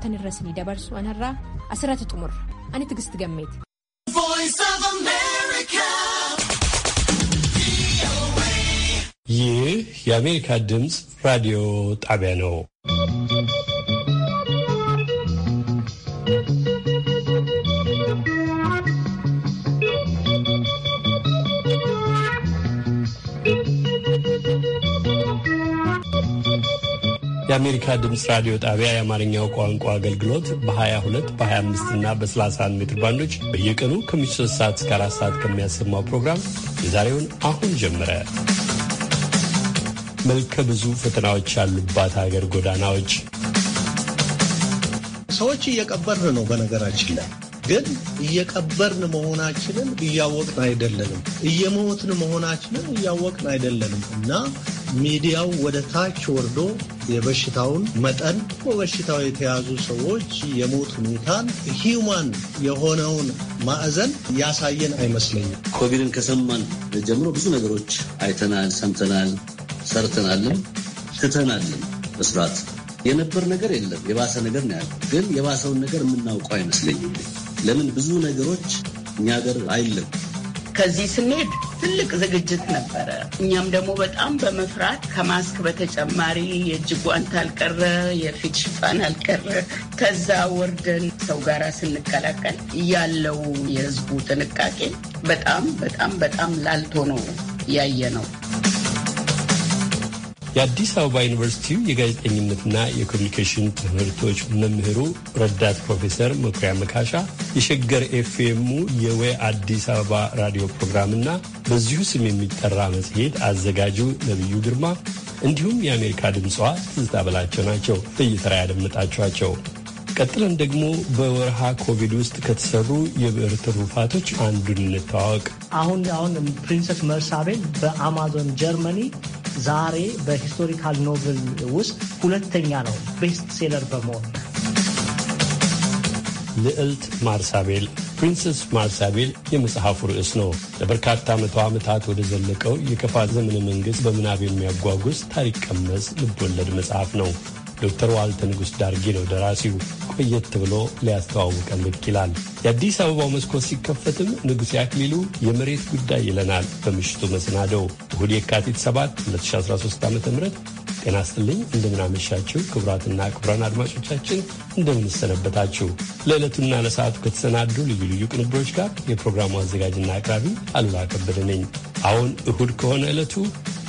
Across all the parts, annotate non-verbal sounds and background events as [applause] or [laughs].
tan irra sinii dabarsu anarraa asirratti xumurra ani tigisti gammeeti. ይህ የአሜሪካ ድምፅ ራዲዮ ጣቢያ ነው። የአሜሪካ ድምፅ ራዲዮ ጣቢያ የአማርኛው ቋንቋ አገልግሎት በ22 በ25 እና በ31 ሜትር ባንዶች በየቀኑ ከምሽቱ 3 ሰዓት እስከ 4 ሰዓት ከሚያሰማው ፕሮግራም የዛሬውን አሁን ጀመረ። መልከ ብዙ ፈተናዎች ያሉባት አገር ጎዳናዎች ሰዎች እየቀበርን ነው። በነገራችን ላይ ግን እየቀበርን መሆናችንን እያወቅን አይደለንም። እየሞትን መሆናችንን እያወቅን አይደለንም እና ሚዲያው ወደ ታች ወርዶ የበሽታውን መጠን በበሽታው የተያዙ ሰዎች የሞት ሁኔታን ሂውማን የሆነውን ማዕዘን ያሳየን አይመስለኝም። ኮቪድን ከሰማን ጀምሮ ብዙ ነገሮች አይተናል፣ ሰምተናል፣ ሰርተናልም ትተናልም። በስርዓት የነበር ነገር የለም። የባሰ ነገር ነው ያለ። ግን የባሰውን ነገር የምናውቀው አይመስለኝም። ለምን ብዙ ነገሮች እኛ ሀገር አይለም ከዚህ ስንሄድ ትልቅ ዝግጅት ነበረ። እኛም ደግሞ በጣም በመፍራት ከማስክ በተጨማሪ የእጅ ጓንት አልቀረ፣ የፊት ሽፋን አልቀረ። ከዛ ወርደን ሰው ጋር ስንቀላቀል ያለው የህዝቡ ጥንቃቄ በጣም በጣም በጣም ላልቶ ነው ያየ ነው። የአዲስ አበባ ዩኒቨርሲቲው የጋዜጠኝነትና የኮሚኒኬሽን ትምህርቶች መምህሩ ረዳት ፕሮፌሰር መኩሪያ መካሻ የሸገር ኤፍኤሙ የወይ አዲስ አበባ ራዲዮ ፕሮግራምና በዚሁ ስም የሚጠራ መጽሔት አዘጋጁ ነቢዩ ግርማ እንዲሁም የአሜሪካ ድምፅዋ ትዝታ በላቸው ናቸው በየተራ ያደመጣችኋቸው። ቀጥለን ደግሞ በወርሃ ኮቪድ ውስጥ ከተሰሩ የብዕር ትሩፋቶች አንዱን እንተዋወቅ። አሁን አሁን ፕሪንሰስ መርሳቤል በአማዞን ጀርመኒ ዛሬ በሂስቶሪካል ኖቨል ውስጥ ሁለተኛ ነው ቤስት ሴለር በመሆን። ልዕልት ማርሳቤል ፕሪንሰስ ማርሳቤል የመጽሐፉ ርዕስ ነው። ለበርካታ መቶ ዓመታት ወደ ዘለቀው የከፋ ዘመነ መንግሥት በምናብ የሚያጓጉዝ ታሪክ ቀመስ ልብ መጽሐፍ ነው። ዶክተር ዋልተ ንጉሥ ዳርጌ ነው ደራሲው። ቆየት ብሎ ሊያስተዋውቀን ብቅ ይላል። የአዲስ አበባው መስኮት ሲከፈትም ንጉሥ ያክሊሉ የመሬት ጉዳይ ይለናል። በምሽቱ መሰናደው እሁድ የካቲት 7 2013 ዓ ም ጤና ይስጥልኝ። እንደምናመሻችው ክቡራትና ክቡራን አድማጮቻችን እንደምንሰነበታችሁ። ለዕለቱና ለሰዓቱ ከተሰናዱ ልዩ ልዩ ቅንብሮች ጋር የፕሮግራሙ አዘጋጅና አቅራቢ አሉላ ከበደ ነኝ። አሁን እሁድ ከሆነ ዕለቱ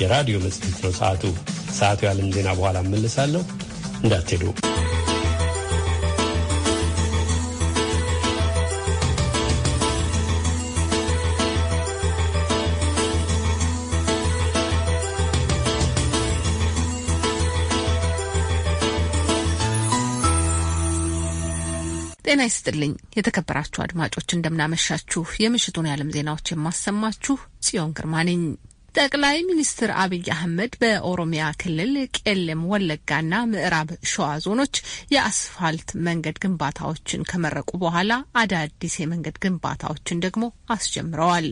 የራዲዮ መጽሔት ነው። ሰዓቱ ሰዓቱ የዓለም ዜና በኋላ እመልሳለሁ። እንዳትሄዱ። ጤና ይስጥልኝ የተከበራችሁ አድማጮች፣ እንደምናመሻችሁ። የምሽቱን የዓለም ዜናዎች የማሰማችሁ ጽዮን ግርማ ነኝ። ጠቅላይ ሚኒስትር አብይ አህመድ በኦሮሚያ ክልል ቄለም ወለጋና ምዕራብ ሸዋ ዞኖች የአስፋልት መንገድ ግንባታዎችን ከመረቁ በኋላ አዳዲስ የመንገድ ግንባታዎችን ደግሞ አስጀምረዋል።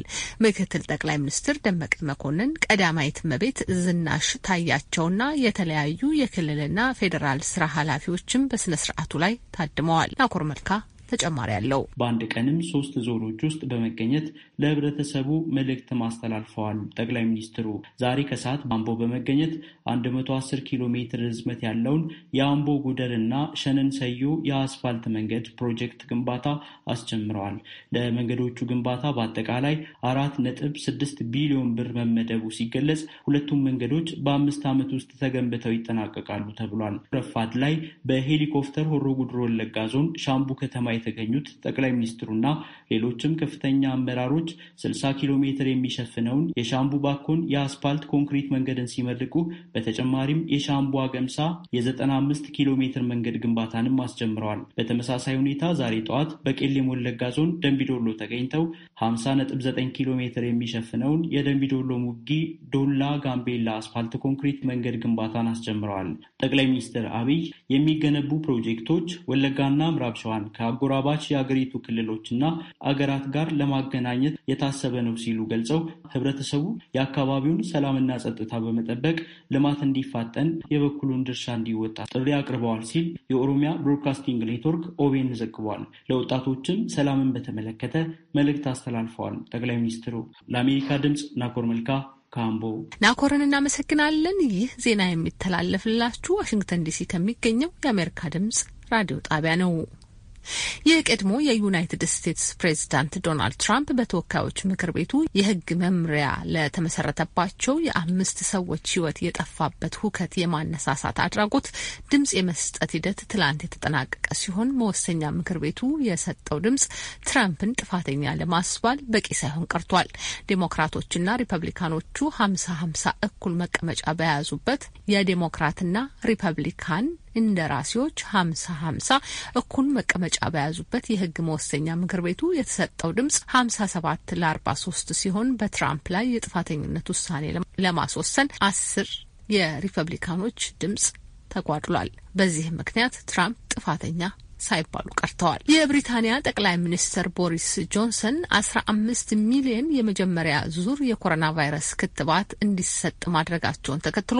ምክትል ጠቅላይ ሚኒስትር ደመቀ መኮንን፣ ቀዳማዊት እመቤት ዝናሽ ታያቸውና የተለያዩ የክልልና ፌዴራል ስራ ኃላፊዎችም በስነ ስርዓቱ ላይ ታድመዋል። ናኮር መልካ ተጨማሪ አለው። በአንድ ቀንም ሶስት ዞኖች ውስጥ በመገኘት ለህብረተሰቡ መልእክት ማስተላልፈዋል ጠቅላይ ሚኒስትሩ። ዛሬ ከሰዓት በአምቦ በመገኘት 110 ኪሎ ሜትር ርዝመት ያለውን የአምቦ ጉደር እና ሸነን ሰዮ የአስፋልት መንገድ ፕሮጀክት ግንባታ አስጀምረዋል። ለመንገዶቹ ግንባታ በአጠቃላይ አራት ነጥብ ስድስት ቢሊዮን ብር መመደቡ ሲገለጽ ሁለቱም መንገዶች በአምስት ዓመት ውስጥ ተገንብተው ይጠናቀቃሉ ተብሏል። ረፋድ ላይ በሄሊኮፕተር ሆሮ ጉድሮ ወለጋ ዞን ሻምቡ ከተማ የተገኙት ጠቅላይ ሚኒስትሩና ሌሎችም ከፍተኛ አመራሮች 60 ኪሎ ሜትር የሚሸፍነውን የሻምቡ ባኮን የአስፓልት ኮንክሪት መንገድን ሲመርቁ በተጨማሪም የሻምቡ አገምሳ የ95 ኪሎ ሜትር መንገድ ግንባታንም አስጀምረዋል። በተመሳሳይ ሁኔታ ዛሬ ጠዋት በቄሌም ወለጋ ዞን ደንቢዶሎ ተገኝተው 50.9 ኪሎ ሜትር የሚሸፍነውን የደንቢዶሎ ሙጊ ዶላ ጋምቤላ አስፓልት ኮንክሪት መንገድ ግንባታን አስጀምረዋል። ጠቅላይ ሚኒስትር አብይ የሚገነቡ ፕሮጀክቶች ወለጋና ምዕራብ ሸዋን ከአጎ ከአጎራባች የአገሪቱ ክልሎችና አገራት ጋር ለማገናኘት የታሰበ ነው ሲሉ ገልጸው ህብረተሰቡ የአካባቢውን ሰላምና ጸጥታ በመጠበቅ ልማት እንዲፋጠን የበኩሉን ድርሻ እንዲወጣ ጥሪ አቅርበዋል ሲል የኦሮሚያ ብሮድካስቲንግ ኔትወርክ ኦቤን ዘግቧል። ለወጣቶችም ሰላምን በተመለከተ መልእክት አስተላልፈዋል ጠቅላይ ሚኒስትሩ። ለአሜሪካ ድምፅ ናኮር መልካ ካምቦ ናኮርን እናመሰግናለን። ይህ ዜና የሚተላለፍላችሁ ዋሽንግተን ዲሲ ከሚገኘው የአሜሪካ ድምጽ ራዲዮ ጣቢያ ነው። የቀድሞ የዩናይትድ ስቴትስ ፕሬዝዳንት ዶናልድ ትራምፕ በተወካዮች ምክር ቤቱ የሕግ መምሪያ ለተመሰረተባቸው የአምስት ሰዎች ሕይወት የጠፋበት ሁከት የማነሳሳት አድራጎት ድምጽ የመስጠት ሂደት ትላንት የተጠናቀቀ ሲሆን መወሰኛ ምክር ቤቱ የሰጠው ድምጽ ትራምፕን ጥፋተኛ ለማስባል በቂ ሳይሆን ቀርቷል። ዴሞክራቶችና ሪፐብሊካኖቹ ሀምሳ ሀምሳ እኩል መቀመጫ በያዙበት የዴሞክራትና ሪፐብሊካን እንደራሴዎች ሀምሳ ሀምሳ እኩል መቀመጫ በያዙበት የህግ መወሰኛ ምክር ቤቱ የተሰጠው ድምጽ ሀምሳ ሰባት ለአርባ ሶስት ሲሆን በትራምፕ ላይ የጥፋተኝነት ውሳኔ ለማስወሰን አስር የሪፐብሊካኖች ድምጽ ተጓድሏል። በዚህም ምክንያት ትራምፕ ጥፋተኛ ሳይባሉ ቀርተዋል። የብሪታንያ ጠቅላይ ሚኒስትር ቦሪስ ጆንሰን አስራ አምስት ሚሊዮን የመጀመሪያ ዙር የኮሮና ቫይረስ ክትባት እንዲሰጥ ማድረጋቸውን ተከትሎ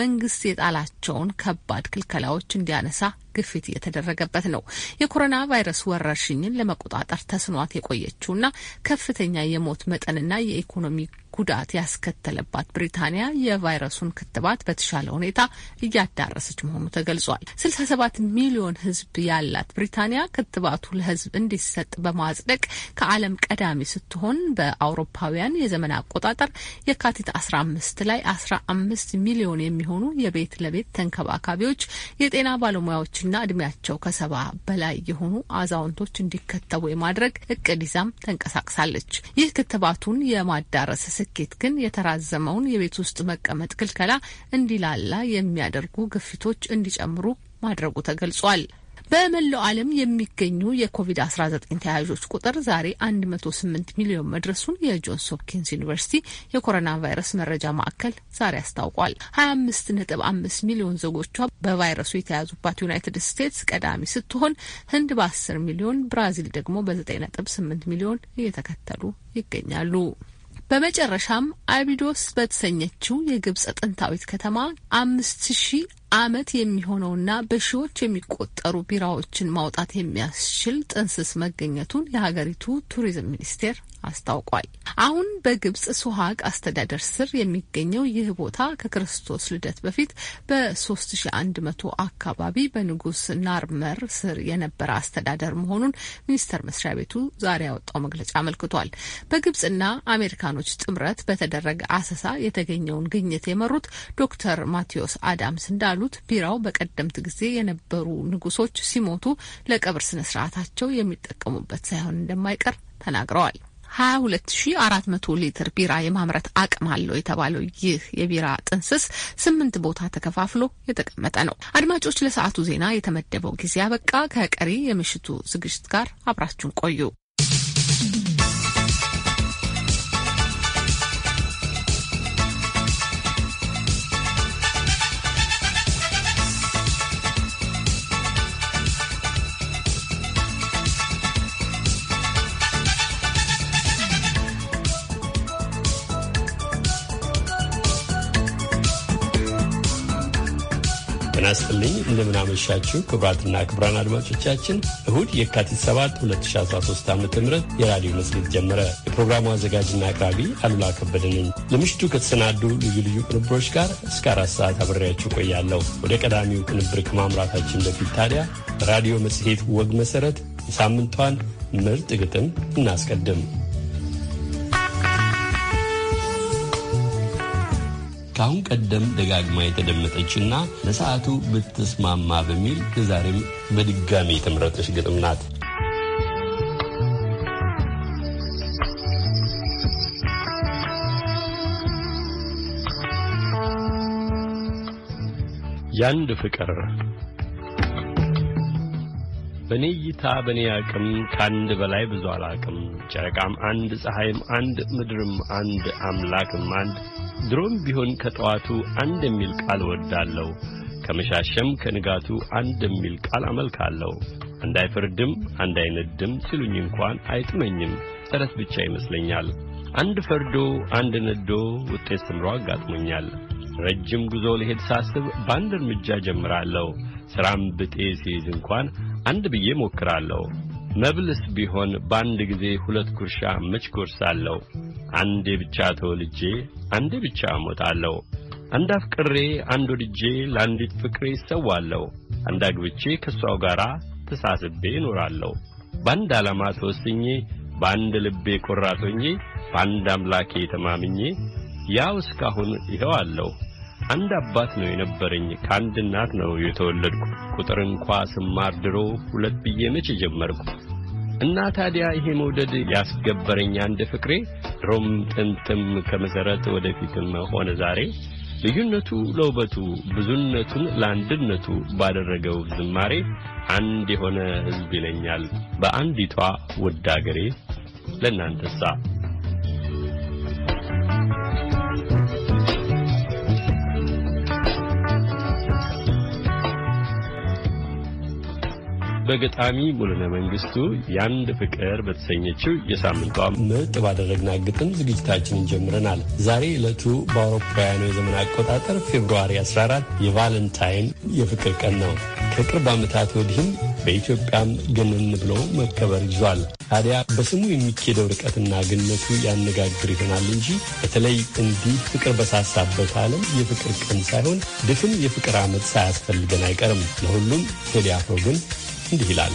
መንግስት የጣላቸውን ከባድ ክልከላዎች እንዲያነሳ ግፊት እየተደረገበት ነው። የኮሮና ቫይረስ ወረርሽኝን ለመቆጣጠር ተስኗት የቆየችውና ከፍተኛ የሞት መጠንና የኢኮኖሚ ጉዳት ያስከተለባት ብሪታንያ የቫይረሱን ክትባት በተሻለ ሁኔታ እያዳረሰች መሆኑ ተገልጿል። 67 ሚሊዮን ሕዝብ ያላት ብሪታንያ ክትባቱ ለሕዝብ እንዲሰጥ በማጽደቅ ከዓለም ቀዳሚ ስትሆን በአውሮፓውያን የዘመን አቆጣጠር የካቲት 15 ላይ 15 ሚሊዮን የሚሆኑ የቤት ለቤት ተንከባካቢዎች የጤና ባለሙያዎችና እድሜያቸው ከሰባ በላይ የሆኑ አዛውንቶች እንዲከተቡ የማድረግ እቅድ ይዛም ተንቀሳቅሳለች። ይህ ክትባቱን የማዳረስ ስኬት ግን የተራዘመውን የቤት ውስጥ መቀመጥ ክልከላ እንዲላላ የሚያደርጉ ግፊቶች እንዲጨምሩ ማድረጉ ተገልጿል። በመላው ዓለም የሚገኙ የኮቪድ-19 ተያዦች ቁጥር ዛሬ 108 ሚሊዮን መድረሱን የጆንስ ሆፕኪንስ ዩኒቨርሲቲ የኮሮና ቫይረስ መረጃ ማዕከል ዛሬ አስታውቋል። 25.5 ሚሊዮን ዜጎቿ በቫይረሱ የተያዙባት ዩናይትድ ስቴትስ ቀዳሚ ስትሆን ህንድ በ10 ሚሊዮን፣ ብራዚል ደግሞ በ9.8 ሚሊዮን እየተከተሉ ይገኛሉ። በመጨረሻም አቢዶስ በተሰኘችው የግብጽ ጥንታዊት ከተማ አምስት ሺህ ዓመት የሚሆነውና በሺዎች የሚቆጠሩ ቢራዎችን ማውጣት የሚያስችል ጥንስስ መገኘቱን የሀገሪቱ ቱሪዝም ሚኒስቴር አስታውቋል። አሁን በግብጽ ሶሀቅ አስተዳደር ስር የሚገኘው ይህ ቦታ ከክርስቶስ ልደት በፊት በ3100 አካባቢ በንጉስ ናርመር ስር የነበረ አስተዳደር መሆኑን ሚኒስቴር መስሪያ ቤቱ ዛሬ ያወጣው መግለጫ አመልክቷል። በግብጽና አሜሪካኖች ጥምረት በተደረገ አሰሳ የተገኘውን ግኝት የመሩት ዶክተር ማቴዎስ አዳምስ እንዳሉ እንዳሉት ቢራው በቀደምት ጊዜ የነበሩ ንጉሶች ሲሞቱ ለቀብር ስነ ስርዓታቸው የሚጠቀሙበት ሳይሆን እንደማይቀር ተናግረዋል። መቶ ሊትር ቢራ የማምረት አቅም አለው የተባለው ይህ የቢራ ጥንስስ ስምንት ቦታ ተከፋፍሎ የተቀመጠ ነው። አድማጮች፣ ለሰዓቱ ዜና የተመደበው ጊዜ አበቃ። ከቀሪ የምሽቱ ዝግጅት ጋር አብራችሁን ቆዩ። ጤና ስጥልኝ እንደምናመሻችሁ ክቡራትና ክቡራን አድማጮቻችን እሁድ የካቲት 7 2013 ዓ ም የራዲዮ መጽሔት ጀመረ። የፕሮግራሙ አዘጋጅና አቅራቢ አሉላ ከበደ ነኝ። ለምሽቱ ከተሰናዱ ልዩ ልዩ ቅንብሮች ጋር እስከ አራት ሰዓት አብሬያችሁ ቆያለሁ። ወደ ቀዳሚው ቅንብር ከማምራታችን በፊት ታዲያ ራዲዮ መጽሔት ወግ መሠረት የሳምንቷን ምርጥ ግጥም እናስቀድም። ከአሁን ቀደም ደጋግማ የተደመጠችና ለሰዓቱ ብትስማማ በሚል ለዛሬም በድጋሚ የተመረጠች ግጥም ናት። ያንድ ፍቅር በእኔ እይታ በእኔ አቅም ከአንድ በላይ ብዙ አላቅም ጨረቃም አንድ ፀሐይም አንድ ምድርም አንድ አምላክም አንድ ድሮም ቢሆን ከጠዋቱ አንድ የሚል ቃል እወዳለሁ፣ ከመሻሸም ከንጋቱ አንድ የሚል ቃል አመልካለሁ። እንዳይፈርድም እንዳይነድም ሲሉኝ እንኳን አይጥመኝም፣ ጥረት ብቻ ይመስለኛል። አንድ ፈርዶ አንድ ነዶ ውጤት ስምሮ አጋጥሞኛል። ረጅም ጉዞ ልሄድ ሳስብ በአንድ እርምጃ ጀምራለሁ። ሥራም ብጤ ሲይዝ እንኳን አንድ ብዬ ሞክራለሁ። መብልስ ቢሆን በአንድ ጊዜ ሁለት ጉርሻ መች አለው! አንዴ ብቻ ተወልጄ አንዴ ብቻ እሞታለሁ። አንድ አፍቅሬ አንድ ወድጄ ለአንዲት ፍቅሬ ይሰዋለሁ። አንድ አግብቼ ከሷው ጋር ተሳስቤ እኖራለሁ። በአንድ ዓላማ ተወስኜ፣ በአንድ ልቤ ቆራጦኜ፣ በአንድ አምላኬ ተማምኜ ያው እስካሁን ይኸዋለሁ። አንድ አባት ነው የነበረኝ፣ ከአንድ እናት ነው የተወለድኩ። ቁጥር እንኳ ስማር ድሮ ሁለት ብዬ መቼ ጀመርኩ። እና ታዲያ ይሄ መውደድ ያስገበረኝ አንድ ፍቅሬ ድሮም ጥንትም ከመሰረት ወደፊትም ሆነ ዛሬ ልዩነቱ ለውበቱ ብዙነቱን ለአንድነቱ ባደረገው ዝማሬ አንድ የሆነ ሕዝብ ይለኛል በአንዲቷ ውድ አገሬ ለእናንተሳ በገጣሚ ሙሉነ መንግስቱ የአንድ ፍቅር በተሰኘችው የሳምንቷ ምርጥ ባደረግናት ግጥም ዝግጅታችንን ጀምረናል። ዛሬ ዕለቱ በአውሮፓውያኑ የዘመን አቆጣጠር ፌብርዋሪ 14 የቫለንታይን የፍቅር ቀን ነው። ከቅርብ ዓመታት ወዲህም በኢትዮጵያም ግንን ብሎ መከበር ይዟል። ታዲያ በስሙ የሚኬደው ርቀትና ግነቱ ያነጋግር ይሆናል እንጂ በተለይ እንዲህ ፍቅር በሳሳበት ዓለም የፍቅር ቀን ሳይሆን ድፍን የፍቅር ዓመት ሳያስፈልገን አይቀርም። ለሁሉም ቴዲ አፍሮ ግን እንዲህ ይላል።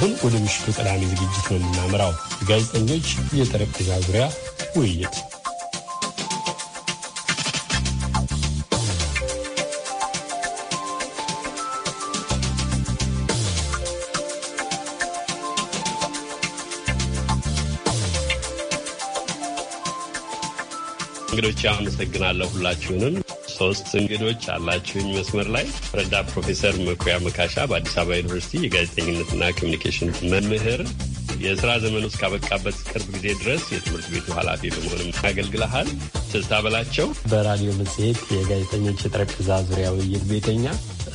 አሁን ወደ ምሽቱ ቀዳሚ ዝግጅት ነው የምናምራው፣ የጋዜጠኞች የጠረጴዛ ዙሪያ ውይይት። እንግዶች አመሰግናለሁ ሁላችሁንም። ሶስት እንግዶች አላችሁኝ መስመር ላይ ረዳት ፕሮፌሰር መኩሪያ መካሻ በአዲስ አበባ ዩኒቨርሲቲ የጋዜጠኝነትና ኮሚኒኬሽን መምህር የስራ ዘመን ውስጥ ካበቃበት ቅርብ ጊዜ ድረስ የትምህርት ቤቱ ኃላፊ በመሆንም አገልግለሃል። ትዝታ በላቸው በራዲዮ መጽሔት የጋዜጠኞች የጠረጴዛ ዙሪያ ውይይት ቤተኛ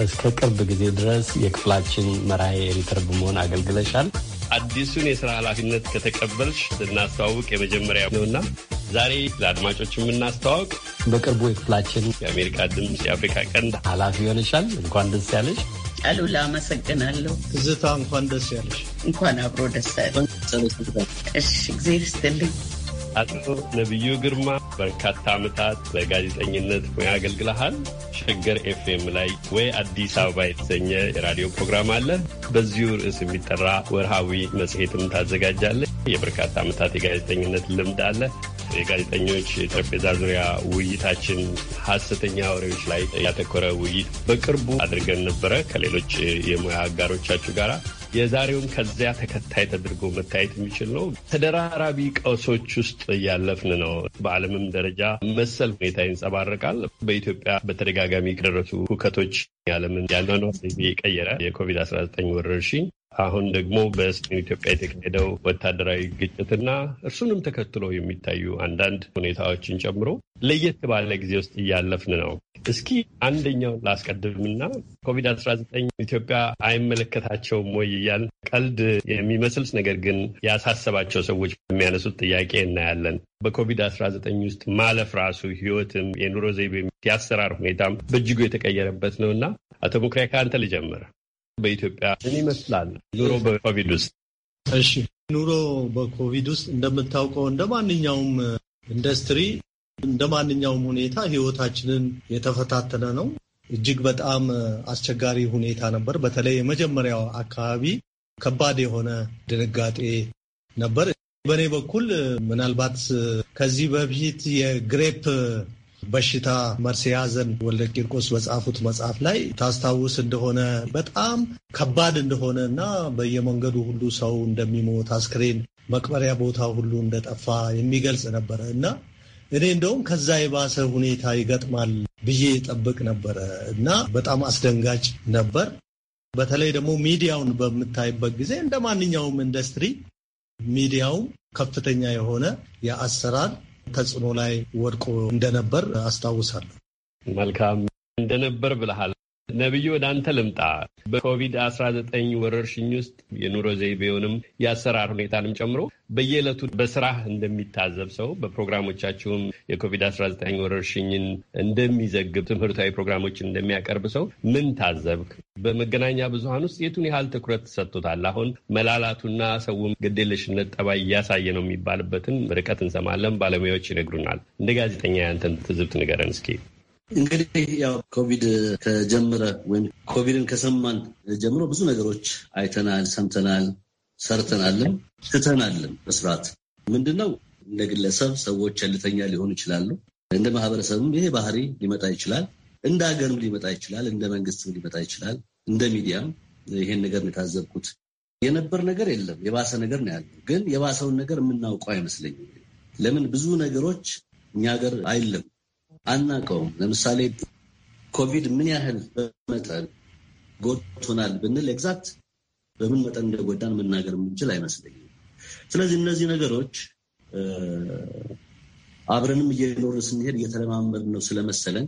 እስከ ቅርብ ጊዜ ድረስ የክፍላችን መርሃ ኤዲተር በመሆን አገልግለሻል። አዲሱን የስራ ኃላፊነት ከተቀበልሽ ልናስተዋውቅ የመጀመሪያ ነውና ዛሬ ለአድማጮች የምናስተዋውቅ በቅርቡ የክፍላችን የአሜሪካ ድምፅ የአፍሪካ ቀንድ ኃላፊ ይሆንሻል። እንኳን ደስ ያለሽ አሉላ። አመሰግናለሁ እዝታ እንኳን ደስ ያለሽ። እንኳን አብሮ ደስ ያለ። እሺ፣ እግዜር ይስጥልኝ። አቶ ነቢዩ ግርማ በርካታ ዓመታት በጋዜጠኝነት ሙያ አገልግለሃል። ሸገር ኤፍኤም ላይ ወይ አዲስ አበባ የተሰኘ የራዲዮ ፕሮግራም አለ። በዚሁ ርዕስ የሚጠራ ወርሃዊ መጽሔትም ታዘጋጃለህ። የበርካታ ዓመታት የጋዜጠኝነት ልምድ አለ። የጋዜጠኞች የጠረጴዛ ዙሪያ ውይይታችን ሀሰተኛ ወሬዎች ላይ ያተኮረ ውይይት በቅርቡ አድርገን ነበረ ከሌሎች የሙያ አጋሮቻችሁ ጋር የዛሬውም ከዚያ ተከታይ ተደርጎ መታየት የሚችል ነው። ተደራራቢ ቀውሶች ውስጥ እያለፍን ነው። በዓለምም ደረጃ መሰል ሁኔታ ይንጸባረቃል። በኢትዮጵያ በተደጋጋሚ ከደረሱ ሁከቶች ዓለምን ያለነው የቀየረ የኮቪድ-19 ወረርሽኝ አሁን ደግሞ በሰሜን ኢትዮጵያ የተካሄደው ወታደራዊ ግጭትና እርሱንም ተከትሎ የሚታዩ አንዳንድ ሁኔታዎችን ጨምሮ ለየት ባለ ጊዜ ውስጥ እያለፍን ነው። እስኪ አንደኛውን ላስቀድምና ኮቪድ አስራ ዘጠኝ ኢትዮጵያ አይመለከታቸውም ወይ እያል ቀልድ የሚመስል ነገር ግን ያሳሰባቸው ሰዎች የሚያነሱት ጥያቄ እናያለን። በኮቪድ አስራ ዘጠኝ ውስጥ ማለፍ ራሱ ህይወትም የኑሮ ዘይቤ የአሰራር ሁኔታም በእጅጉ የተቀየረበት ነው እና አቶ ሙክሪያ ከአንተ ልጀምር። በኢትዮጵያ ምን ይመስላል ኑሮ በኮቪድ ውስጥ? እሺ ኑሮ በኮቪድ ውስጥ እንደምታውቀው እንደ ማንኛውም ኢንዱስትሪ እንደ ማንኛውም ሁኔታ ህይወታችንን የተፈታተነ ነው። እጅግ በጣም አስቸጋሪ ሁኔታ ነበር። በተለይ የመጀመሪያው አካባቢ ከባድ የሆነ ድንጋጤ ነበር። በእኔ በኩል ምናልባት ከዚህ በፊት የግሬፕ በሽታ መርስዔ ኀዘን ወልደ ቂርቆስ በጻፉት መጽሐፍ ላይ ታስታውስ እንደሆነ በጣም ከባድ እንደሆነ እና በየመንገዱ ሁሉ ሰው እንደሚሞት አስክሬን መቅበሪያ ቦታ ሁሉ እንደጠፋ የሚገልጽ ነበረ እና እኔ እንደውም ከዛ የባሰ ሁኔታ ይገጥማል ብዬ ጠብቅ ነበረ እና በጣም አስደንጋጭ ነበር። በተለይ ደግሞ ሚዲያውን በምታይበት ጊዜ እንደ ማንኛውም ኢንዱስትሪ ሚዲያውም ከፍተኛ የሆነ የአሰራር ተጽዕኖ ላይ ወድቆ እንደነበር አስታውሳለሁ። መልካም እንደነበር ብለሃል። ነቢዩ ወደ አንተ ልምጣ። በኮቪድ-19 ወረርሽኝ ውስጥ የኑሮ ዘይቤውንም የአሰራር ሁኔታንም ጨምሮ በየዕለቱ በስራህ እንደሚታዘብ ሰው በፕሮግራሞቻችሁም የኮቪድ-19 ወረርሽኝን እንደሚዘግብ ትምህርታዊ ፕሮግራሞችን እንደሚያቀርብ ሰው ምን ታዘብክ? በመገናኛ ብዙሀን ውስጥ የቱን ያህል ትኩረት ሰጥቶታል? አሁን መላላቱና ሰውም ግዴለሽነት ጠባይ እያሳየ ነው የሚባልበትን ርቀት እንሰማለን፣ ባለሙያዎች ይነግሩናል። እንደ ጋዜጠኛ ያንተን ትዝብት ንገረን እስኪ። እንግዲህ ያው ኮቪድ ከጀመረ ወይም ኮቪድን ከሰማን ጀምሮ ብዙ ነገሮች አይተናል፣ ሰምተናል፣ ሰርተናልም ትተናልም። በስርዓት ምንድነው እንደ ግለሰብ ሰዎች ቸልተኛ ሊሆኑ ይችላሉ። እንደ ማህበረሰብም ይሄ ባህሪ ሊመጣ ይችላል። እንደ ሀገርም ሊመጣ ይችላል። እንደ መንግስትም ሊመጣ ይችላል። እንደ ሚዲያም ይሄን ነገር የታዘብኩት የነበር ነገር የለም የባሰ ነገር ነው ያለው። ግን የባሰውን ነገር የምናውቀው አይመስለኝም። ለምን ብዙ ነገሮች እኛ ሀገር አይለም አናውቀውም። ለምሳሌ ኮቪድ ምን ያህል በመጠን ጎድቶናል ብንል ኤግዛክት በምን መጠን እንደጎዳን መናገር የምንችል አይመስለኝም። ስለዚህ እነዚህ ነገሮች አብረንም እየኖር ስንሄድ እየተለማመድ ነው ስለመሰለን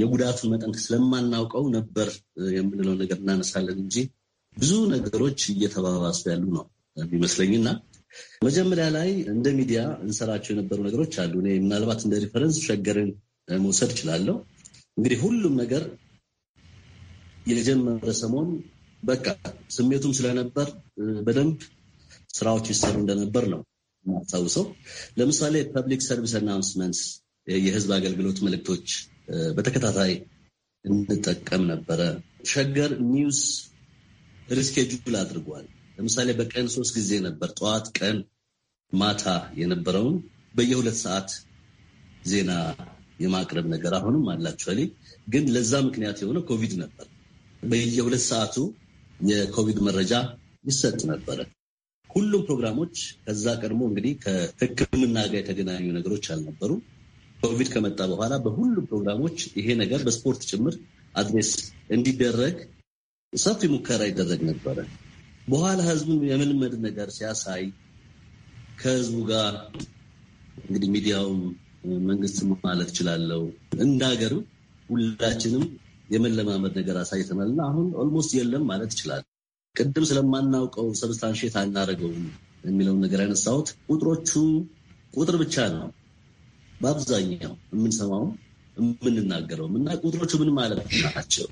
የጉዳቱን መጠን ስለማናውቀው ነበር የምንለው ነገር እናነሳለን እንጂ ብዙ ነገሮች እየተባባሱ ያሉ ነው የሚመስለኝና መጀመሪያ ላይ እንደ ሚዲያ እንሰራቸው የነበሩ ነገሮች አሉ። እኔ ምናልባት እንደ ሪፈረንስ ሸገርን መውሰድ እችላለሁ። እንግዲህ ሁሉም ነገር የጀመረ ሰሞን በቃ ስሜቱም ስለነበር በደንብ ስራዎች ይሰሩ እንደነበር ነው የማስታውሰው። ለምሳሌ ፐብሊክ ሰርቪስ አናውንስመንትስ የህዝብ አገልግሎት መልእክቶች በተከታታይ እንጠቀም ነበረ። ሸገር ኒውስ ሪስኬጁል አድርጓል። ለምሳሌ በቀን ሶስት ጊዜ ነበር ጠዋት፣ ቀን፣ ማታ የነበረውን በየሁለት ሰዓት ዜና የማቅረብ ነገር አሁንም አላቸው። ግን ለዛ ምክንያት የሆነ ኮቪድ ነበር። በየሁለት ሰዓቱ የኮቪድ መረጃ ይሰጥ ነበረ። ሁሉም ፕሮግራሞች ከዛ ቀድሞ እንግዲህ ከሕክምና ጋር የተገናኙ ነገሮች አልነበሩ ኮቪድ ከመጣ በኋላ በሁሉም ፕሮግራሞች ይሄ ነገር በስፖርት ጭምር አድሬስ እንዲደረግ ሰፊ ሙከራ ይደረግ ነበረ። በኋላ ህዝቡን የመልመድ ነገር ሲያሳይ ከህዝቡ ጋር እንግዲህ ሚዲያውም መንግስት ማለት እችላለሁ ሀገር ሁላችንም የመለማመድ ነገር አሳይተናል እና አሁን ኦልሞስት የለም ማለት ይችላል። ቅድም ስለማናውቀው ሰብስታንሽት አናደርገውም የሚለውን ነገር ያነሳሁት ቁጥሮቹ ቁጥር ብቻ ነው። በአብዛኛው የምንሰማውም የምንናገረውም እና ቁጥሮቹ ምን ማለት ናቸው?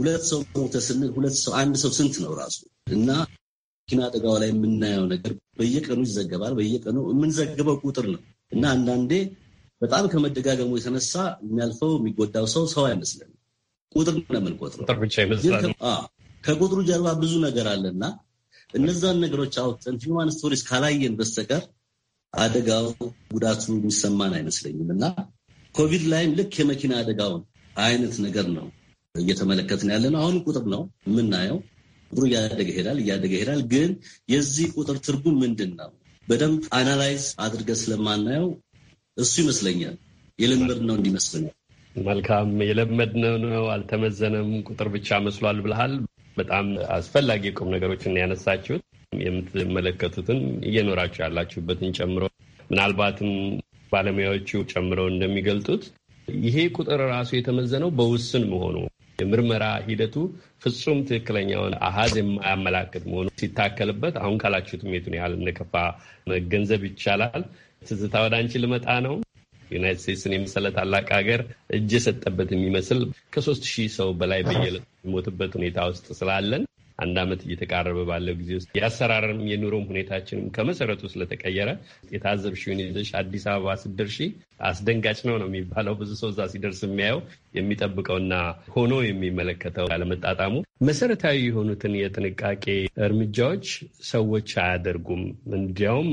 ሁለት ሰው ሞተ ስንል ሁለት ሰው አንድ ሰው ስንት ነው ራሱ እና መኪና አደጋው ላይ የምናየው ነገር በየቀኑ ይዘገባል። በየቀኑ የምንዘግበው ቁጥር ነው እና አንዳንዴ በጣም ከመደጋገሙ የተነሳ የሚያልፈው የሚጎዳው ሰው ሰው አይመስልም። ቁጥር ነው የምንቆጥረው። ከቁጥሩ ጀርባ ብዙ ነገር አለ እና እነዛን ነገሮች አውጥተን ሂውማን ስቶሪስ ካላየን በስተቀር አደጋው ጉዳቱ የሚሰማን አይመስለኝም እና ኮቪድ ላይም ልክ የመኪና አደጋውን አይነት ነገር ነው እየተመለከትን ያለ ነው። አሁን ቁጥር ነው የምናየው ቁጥሩ እያደገ ይሄዳል እያደገ ይሄዳል። ግን የዚህ ቁጥር ትርጉም ምንድን ነው? በደንብ አናላይዝ አድርገን ስለማናየው እሱ ይመስለኛል ነው እንዲመስለኛል። መልካም የለመድነው ነው አልተመዘነም፣ ቁጥር ብቻ መስሏል ብልሃል። በጣም አስፈላጊ ቁም ነገሮችን ያነሳችሁት የምትመለከቱትን እየኖራችሁ ያላችሁበትን ጨምሮ ምናልባትም ባለሙያዎቹ ጨምረው እንደሚገልጡት ይሄ ቁጥር ራሱ የተመዘነው በውስን መሆኑ የምርመራ ሂደቱ ፍጹም ትክክለኛውን አሀዝ የማያመላክት መሆኑ ሲታከልበት አሁን ካላችሁትም የቱን ያህል እንደከፋ መገንዘብ ይቻላል። ትዝታ ወደ አንቺ ልመጣ ነው። ዩናይት ስቴትስን የመሰለ ታላቅ ሀገር እጅ የሰጠበት የሚመስል ከሶስት ሺህ ሰው በላይ በየዕለቱ የሚሞትበት ሁኔታ ውስጥ ስላለን አንድ ዓመት እየተቃረበ ባለው ጊዜ ውስጥ የአሰራርም የኑሮም ሁኔታችንም ከመሰረቱ ስለተቀየረ የታዘብሽውን ይዘሽ አዲስ አበባ ስትደርሺ አስደንጋጭ ነው ነው የሚባለው። ብዙ ሰው እዛ ሲደርስ የሚያየው የሚጠብቀውና ሆኖ የሚመለከተው ያለመጣጣሙ መሰረታዊ የሆኑትን የጥንቃቄ እርምጃዎች ሰዎች አያደርጉም። እንዲያውም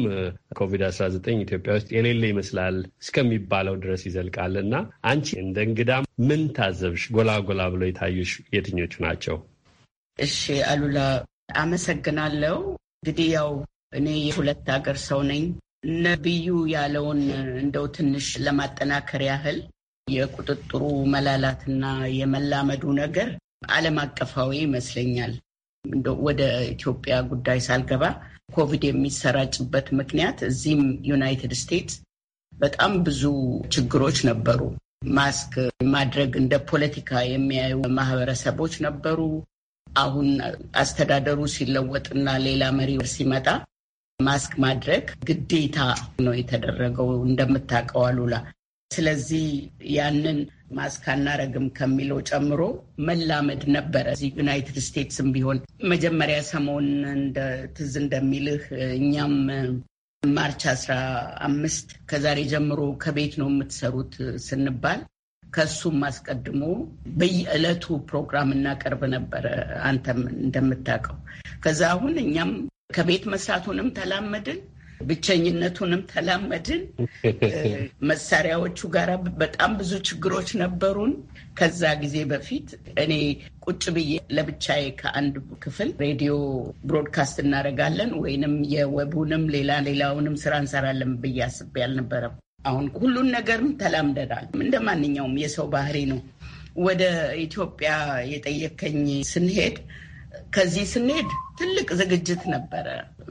ኮቪድ-19 ኢትዮጵያ ውስጥ የሌለ ይመስላል እስከሚባለው ድረስ ይዘልቃል እና አንቺ እንደ እንግዳም ምን ታዘብሽ? ጎላ ጎላ ብሎ የታዩሽ የትኞቹ ናቸው? እሺ አሉላ አመሰግናለሁ። እንግዲህ ያው እኔ የሁለት ሀገር ሰው ነኝ። ነቢዩ ያለውን እንደው ትንሽ ለማጠናከር ያህል የቁጥጥሩ መላላትና የመላመዱ ነገር ዓለም አቀፋዊ ይመስለኛል። ወደ ኢትዮጵያ ጉዳይ ሳልገባ ኮቪድ የሚሰራጭበት ምክንያት እዚህም ዩናይትድ ስቴትስ በጣም ብዙ ችግሮች ነበሩ። ማስክ ማድረግ እንደ ፖለቲካ የሚያዩ ማህበረሰቦች ነበሩ። አሁን አስተዳደሩ ሲለወጥና ሌላ መሪ ሲመጣ ማስክ ማድረግ ግዴታ ነው የተደረገው እንደምታውቀው አሉላ። ስለዚህ ያንን ማስክ አናረግም ከሚለው ጨምሮ መላመድ ነበረ። እዚህ ዩናይትድ ስቴትስም ቢሆን መጀመሪያ ሰሞን እንደ ትዝ እንደሚልህ እኛም ማርች አስራ አምስት ከዛሬ ጀምሮ ከቤት ነው የምትሰሩት ስንባል ከሱም አስቀድሞ በየዕለቱ ፕሮግራም እናቀርብ ነበረ፣ አንተም እንደምታውቀው። ከዛ አሁን እኛም ከቤት መስራቱንም ተላመድን፣ ብቸኝነቱንም ተላመድን። [laughs] መሳሪያዎቹ ጋር በጣም ብዙ ችግሮች ነበሩን። ከዛ ጊዜ በፊት እኔ ቁጭ ብዬ ለብቻዬ ከአንድ ክፍል ሬዲዮ ብሮድካስት እናደርጋለን ወይንም የዌቡንም ሌላ ሌላውንም ስራ እንሰራለን ብዬ አስቤ አልነበረም። አሁን ሁሉን ነገርም ተላምደናል። እንደ ማንኛውም የሰው ባህሪ ነው። ወደ ኢትዮጵያ የጠየከኝ ስንሄድ ከዚህ ስንሄድ ትልቅ ዝግጅት ነበረ።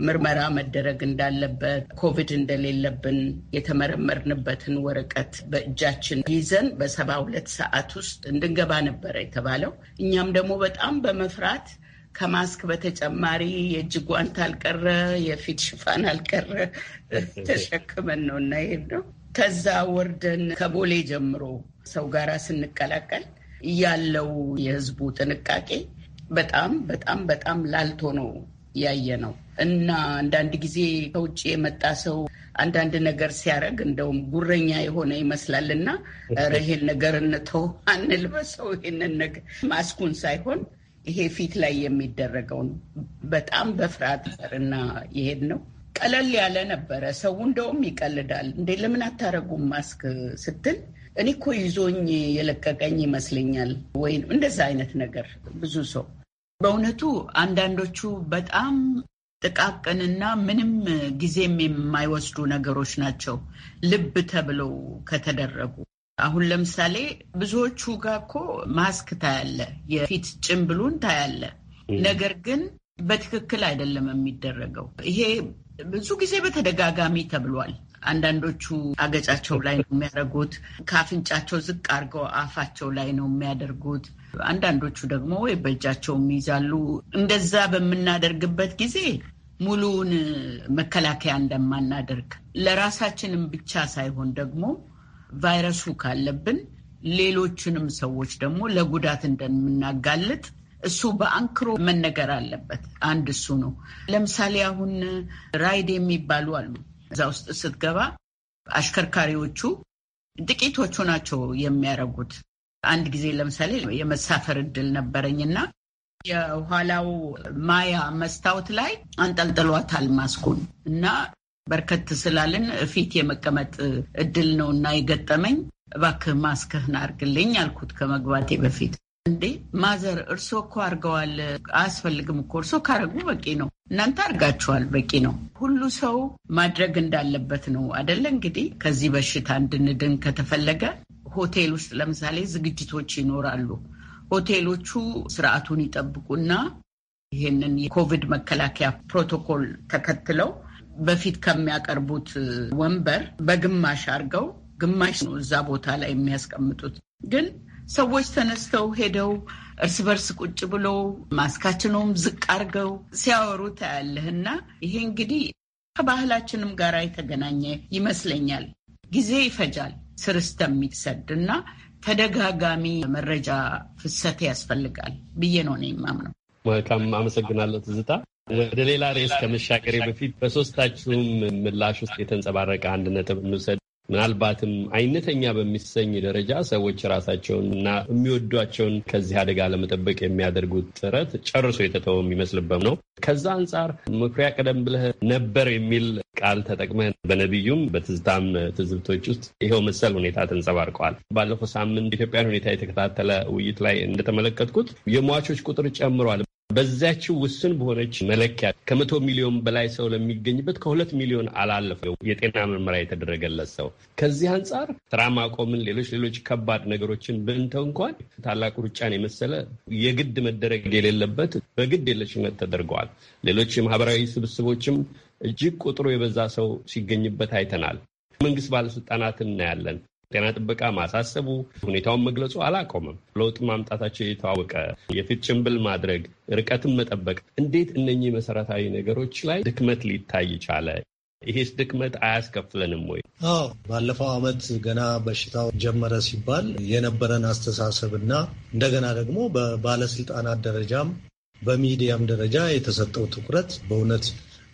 ምርመራ መደረግ እንዳለበት፣ ኮቪድ እንደሌለብን የተመረመርንበትን ወረቀት በእጃችን ይዘን በሰባ ሁለት ሰዓት ውስጥ እንድንገባ ነበረ የተባለው። እኛም ደግሞ በጣም በመፍራት ከማስክ በተጨማሪ የእጅ ጓንት አልቀረ፣ የፊት ሽፋን አልቀረ ተሸክመን ነው እና ይሄድ ነው ከዛ ወርደን ከቦሌ ጀምሮ ሰው ጋራ ስንቀላቀል ያለው የህዝቡ ጥንቃቄ በጣም በጣም በጣም ላልቶ ነው ያየ ነው እና አንዳንድ ጊዜ ከውጭ የመጣ ሰው አንዳንድ ነገር ሲያደርግ እንደውም ጉረኛ የሆነ ይመስላል እና ኧረ ይሄን ነገር እንተው አንልበሰው ይሄንን ነገር ማስኩን ሳይሆን ይሄ ፊት ላይ የሚደረገውን በጣም በፍርሃት እና ይሄድ ነው ቀለል ያለ ነበረ። ሰው እንደውም ይቀልዳል እንዴ ለምን አታረጉም ማስክ ስትል እኔ እኮ ይዞኝ የለቀቀኝ ይመስለኛል ወይም እንደዛ አይነት ነገር ብዙ ሰው በእውነቱ አንዳንዶቹ በጣም ጥቃቅንና ምንም ጊዜም የማይወስዱ ነገሮች ናቸው ልብ ተብለው ከተደረጉ። አሁን ለምሳሌ ብዙዎቹ ጋር እኮ ማስክ ታያለ፣ የፊት ጭንብሉን ታያለ። ነገር ግን በትክክል አይደለም የሚደረገው። ይሄ ብዙ ጊዜ በተደጋጋሚ ተብሏል። አንዳንዶቹ አገጫቸው ላይ ነው የሚያደርጉት። ከአፍንጫቸው ዝቅ አድርገው አፋቸው ላይ ነው የሚያደርጉት። አንዳንዶቹ ደግሞ በእጃቸውም ይይዛሉ። እንደዛ በምናደርግበት ጊዜ ሙሉውን መከላከያ እንደማናደርግ ለራሳችንም ብቻ ሳይሆን ደግሞ ቫይረሱ ካለብን ሌሎችንም ሰዎች ደግሞ ለጉዳት እንደምናጋልጥ እሱ በአንክሮ መነገር አለበት። አንድ እሱ ነው። ለምሳሌ አሁን ራይድ የሚባሉ አሉ። እዛ ውስጥ ስትገባ አሽከርካሪዎቹ ጥቂቶቹ ናቸው የሚያደርጉት። አንድ ጊዜ ለምሳሌ የመሳፈር እድል ነበረኝና የኋላው ማያ መስታወት ላይ አንጠልጥሏታል ማስኩን እና በርከት ስላልን ፊት የመቀመጥ እድል ነው እና የገጠመኝ እባክህ ማስክህን አርግልኝ አልኩት ከመግባቴ በፊት እንዴ ማዘር እርሶ እኮ አድርገዋል፣ አያስፈልግም እኮ እርሶ ካረጉ በቂ ነው፣ እናንተ አርጋችኋል፣ በቂ ነው። ሁሉ ሰው ማድረግ እንዳለበት ነው አደለ? እንግዲህ ከዚህ በሽታ እንድንድን ከተፈለገ ሆቴል ውስጥ ለምሳሌ ዝግጅቶች ይኖራሉ። ሆቴሎቹ ስርዓቱን ይጠብቁና ይህንን የኮቪድ መከላከያ ፕሮቶኮል ተከትለው በፊት ከሚያቀርቡት ወንበር በግማሽ አድርገው ግማሽ ነው እዛ ቦታ ላይ የሚያስቀምጡት ግን ሰዎች ተነስተው ሄደው እርስ በርስ ቁጭ ብሎ ማስካችኖም ዝቅ አርገው ሲያወሩ ታያለህና ይሄ እንግዲህ ከባህላችንም ጋር የተገናኘ ይመስለኛል። ጊዜ ይፈጃል ስር እስከሚሰድ እና ተደጋጋሚ መረጃ ፍሰት ያስፈልጋል ብዬ ነው እኔ የማምነው። መልካም አመሰግናለሁ ትዝታ። ወደ ሌላ ርዕስ ከመሻገሬ በፊት በሶስታችሁም ምላሽ ውስጥ የተንጸባረቀ አንድ ነጥብ እንውሰድ። ምናልባትም አይነተኛ በሚሰኝ ደረጃ ሰዎች ራሳቸውን እና የሚወዷቸውን ከዚህ አደጋ ለመጠበቅ የሚያደርጉት ጥረት ጨርሶ የተተወ የሚመስልበት ነው። ከዛ አንጻር መኩሪያ፣ ቀደም ብለህ ነበር የሚል ቃል ተጠቅመህ በነቢዩም በትዝታም ትዝብቶች ውስጥ ይኸው መሰል ሁኔታ ተንጸባርቀዋል። ባለፈው ሳምንት ኢትዮጵያን ሁኔታ የተከታተለ ውይይት ላይ እንደተመለከትኩት የሟቾች ቁጥር ጨምሯል። በዛችው ውስን በሆነች መለኪያ ከመቶ ሚሊዮን በላይ ሰው ለሚገኝበት ከሁለት ሚሊዮን አላለፈው የጤና ምርመራ የተደረገለት ሰው። ከዚህ አንጻር ስራ ማቆምን፣ ሌሎች ሌሎች ከባድ ነገሮችን ብንተው እንኳን ታላቅ ሩጫን የመሰለ የግድ መደረግ የሌለበት በግድ የለሽነት ተደርገዋል። ሌሎች የማህበራዊ ስብስቦችም እጅግ ቁጥሩ የበዛ ሰው ሲገኝበት አይተናል። መንግስት ባለስልጣናት እናያለን። ጤና ጥበቃ ማሳሰቡ፣ ሁኔታውን መግለጹ አላቆመም። ለውጥ ማምጣታቸው የተዋወቀ የፊት ጭንብል ማድረግ፣ ርቀትን መጠበቅ፣ እንዴት እነኚህ መሰረታዊ ነገሮች ላይ ድክመት ሊታይ ቻለ? ይሄስ ድክመት አያስከፍለንም ወይ? አዎ፣ ባለፈው ዓመት ገና በሽታው ጀመረ ሲባል የነበረን አስተሳሰብ እና እንደገና ደግሞ በባለስልጣናት ደረጃም በሚዲያም ደረጃ የተሰጠው ትኩረት በእውነት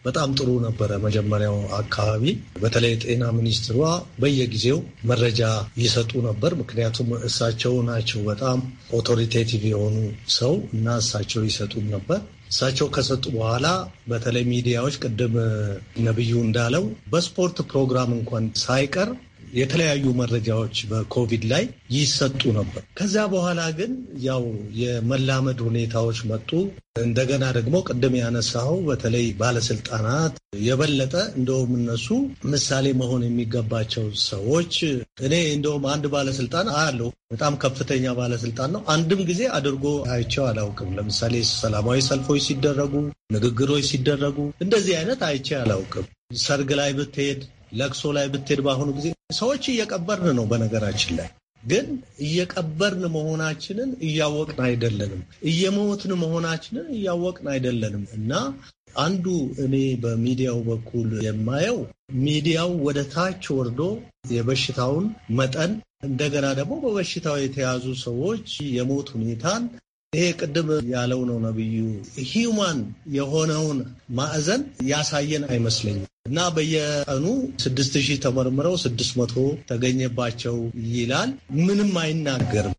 በጣም ጥሩ ነበረ። መጀመሪያው አካባቢ በተለይ ጤና ሚኒስትሯ በየጊዜው መረጃ ይሰጡ ነበር። ምክንያቱም እሳቸው ናቸው በጣም ኦቶሪቴቲቭ የሆኑ ሰው እና እሳቸው ይሰጡን ነበር። እሳቸው ከሰጡ በኋላ በተለይ ሚዲያዎች ቅድም ነብዩ እንዳለው በስፖርት ፕሮግራም እንኳን ሳይቀር የተለያዩ መረጃዎች በኮቪድ ላይ ይሰጡ ነበር። ከዚያ በኋላ ግን ያው የመላመድ ሁኔታዎች መጡ። እንደገና ደግሞ ቅድም ያነሳው በተለይ ባለስልጣናት የበለጠ እንደውም እነሱ ምሳሌ መሆን የሚገባቸው ሰዎች እኔ እንደውም አንድ ባለስልጣን አያለሁ። በጣም ከፍተኛ ባለስልጣን ነው። አንድም ጊዜ አድርጎ አይቸው አላውቅም። ለምሳሌ ሰላማዊ ሰልፎች ሲደረጉ፣ ንግግሮች ሲደረጉ እንደዚህ አይነት አይቼ አላውቅም። ሰርግ ላይ ብትሄድ ለቅሶ ላይ ብትሄድ በአሁኑ ጊዜ ሰዎች እየቀበርን ነው። በነገራችን ላይ ግን እየቀበርን መሆናችንን እያወቅን አይደለንም። እየሞትን መሆናችንን እያወቅን አይደለንም እና አንዱ እኔ በሚዲያው በኩል የማየው ሚዲያው ወደ ታች ወርዶ የበሽታውን መጠን እንደገና ደግሞ በበሽታው የተያዙ ሰዎች የሞት ሁኔታን ይሄ ቅድም ያለው ነው ነብዩ ሂዩማን የሆነውን ማዕዘን ያሳየን አይመስለኝም። እና በየቀኑ ስድስት ሺህ ተመርምረው ስድስት መቶ ተገኘባቸው ይላል። ምንም አይናገርም።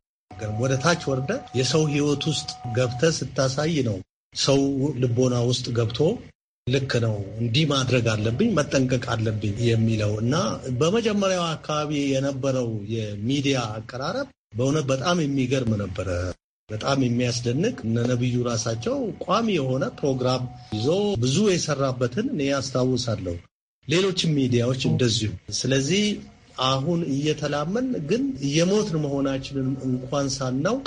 ወደ ታች ወርደ የሰው ህይወት ውስጥ ገብተ ስታሳይ ነው ሰው ልቦና ውስጥ ገብቶ ልክ ነው እንዲህ ማድረግ አለብኝ መጠንቀቅ አለብኝ የሚለው እና በመጀመሪያው አካባቢ የነበረው የሚዲያ አቀራረብ በእውነት በጣም የሚገርም ነበረ። በጣም የሚያስደንቅ ነቢዩ ራሳቸው ቋሚ የሆነ ፕሮግራም ይዞ ብዙ የሰራበትን እኔ አስታውሳለሁ። ሌሎችም ሚዲያዎች እንደዚሁ። ስለዚህ አሁን እየተላመን ግን እየሞትን መሆናችንን እንኳን ሳናውቅ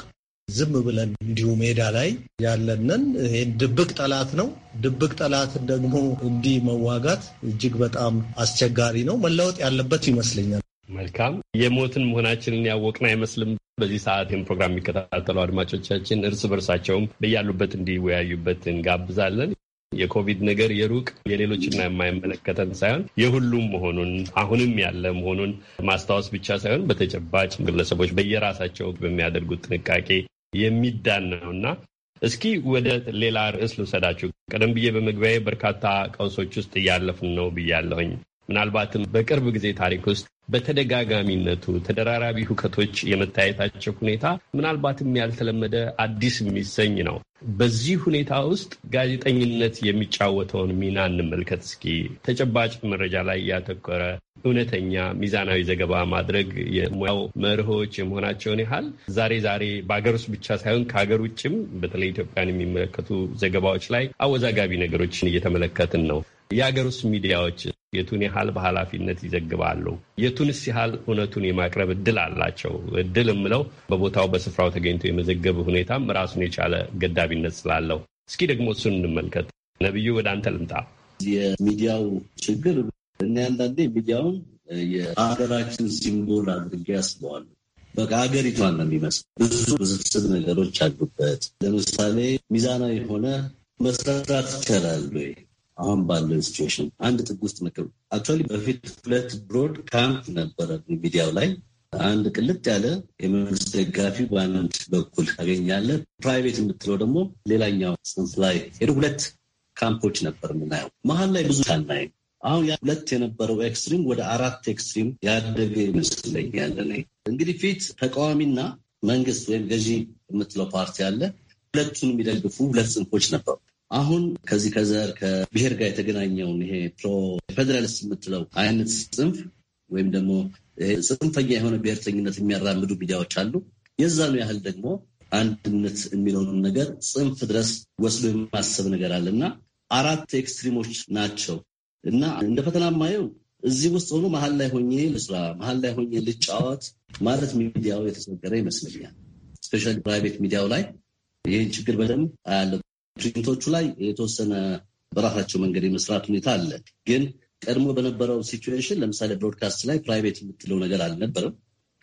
ዝም ብለን እንዲሁ ሜዳ ላይ ያለንን ይህን ድብቅ ጠላት ነው። ድብቅ ጠላትን ደግሞ እንዲህ መዋጋት እጅግ በጣም አስቸጋሪ ነው። መለወጥ ያለበት ይመስለኛል። መልካም የሞትን መሆናችንን ያወቅን አይመስልም። በዚህ ሰዓት ይህም ፕሮግራም የሚከታተሉ አድማጮቻችን እርስ በርሳቸውም በያሉበት እንዲወያዩበት እንጋብዛለን። የኮቪድ ነገር የሩቅ የሌሎችና የማይመለከተን ሳይሆን የሁሉም መሆኑን አሁንም ያለ መሆኑን ማስታወስ ብቻ ሳይሆን በተጨባጭ ግለሰቦች በየራሳቸው በሚያደርጉት ጥንቃቄ የሚዳን ነውና እስኪ ወደ ሌላ ርዕስ ልውሰዳችሁ። ቀደም ብዬ በመግቢያዬ በርካታ ቀውሶች ውስጥ እያለፍን ነው ብያለሁኝ። ምናልባትም በቅርብ ጊዜ ታሪክ ውስጥ በተደጋጋሚነቱ ተደራራቢ ሁከቶች የመታየታቸው ሁኔታ ምናልባትም ያልተለመደ አዲስ የሚሰኝ ነው። በዚህ ሁኔታ ውስጥ ጋዜጠኝነት የሚጫወተውን ሚና እንመልከት እስኪ። ተጨባጭ መረጃ ላይ ያተኮረ እውነተኛ ሚዛናዊ ዘገባ ማድረግ የሙያው መርሆች የመሆናቸውን ያህል ዛሬ ዛሬ በሀገር ውስጥ ብቻ ሳይሆን ከሀገር ውጭም በተለይ ኢትዮጵያን የሚመለከቱ ዘገባዎች ላይ አወዛጋቢ ነገሮችን እየተመለከትን ነው። የአገር ውስጥ ሚዲያዎች የቱን ያህል በኃላፊነት ይዘግባሉ? የቱንስ ያህል እውነቱን የማቅረብ እድል አላቸው? እድል የምለው በቦታው በስፍራው ተገኝቶ የመዘገብ ሁኔታም ራሱን የቻለ ገዳቢነት ስላለው፣ እስኪ ደግሞ እሱን እንመልከት። ነቢዩ፣ ወደ አንተ ልምጣ። የሚዲያው ችግር እኔ አንዳንዴ ሚዲያውን የሀገራችን ሲምቦል አድርጌ ያስበዋለሁ። በቃ ሀገሪቷን ነው የሚመስል። ብዙ ውስብስብ ነገሮች አሉበት። ለምሳሌ ሚዛናዊ የሆነ መስራት ይቻላል ወይ አሁን ባለው ሲቹዌሽን አንድ ጥግ ውስጥ መቀብ አክቹዋሊ በፊት ሁለት ብሮድ ካምፕ ነበረ ሚዲያው ላይ አንድ ቅልጥ ያለ የመንግስት ደጋፊ በአንድ በኩል ታገኛለ፣ ፕራይቬት የምትለው ደግሞ ሌላኛው ጽንፍ ላይ ሄዱ። ሁለት ካምፖች ነበር የምናየው። መሀል ላይ ብዙ ታናይ አሁን ያ ሁለት የነበረው ኤክስትሪም ወደ አራት ኤክስትሪም ያደገ ይመስለኛል። እንግዲህ ፊት ተቃዋሚና መንግስት ወይም ገዢ የምትለው ፓርቲ አለ። ሁለቱን የሚደግፉ ሁለት ጽንፎች ነበሩ። አሁን ከዚህ ከዘር ከብሔር ጋር የተገናኘውን ይሄ ፕሮ ፌዴራሊስት የምትለው አይነት ጽንፍ ወይም ደግሞ ጽንፈኛ የሆነ ብሔርተኝነት የሚያራምዱ ሚዲያዎች አሉ። የዛኑ ያህል ደግሞ አንድነት የሚለውን ነገር ጽንፍ ድረስ ወስዶ የማሰብ ነገር አለ እና አራት ኤክስትሪሞች ናቸው እና እንደ ፈተና ማየው እዚህ ውስጥ ሆኖ መሀል ላይ ሆኜ ልስራ፣ መሀል ላይ ሆኜ ልጫወት ማለት ሚዲያው የተቸገረ ይመስለኛል። ስፔሻሊ ፕራይቬት ሚዲያው ላይ ይህን ችግር በደንብ አያለ ፕሪንቶቹ ላይ የተወሰነ በራሳቸው መንገድ የመስራት ሁኔታ አለ። ግን ቀድሞ በነበረው ሲትዌሽን ለምሳሌ ብሮድካስት ላይ ፕራይቬት የምትለው ነገር አልነበረም።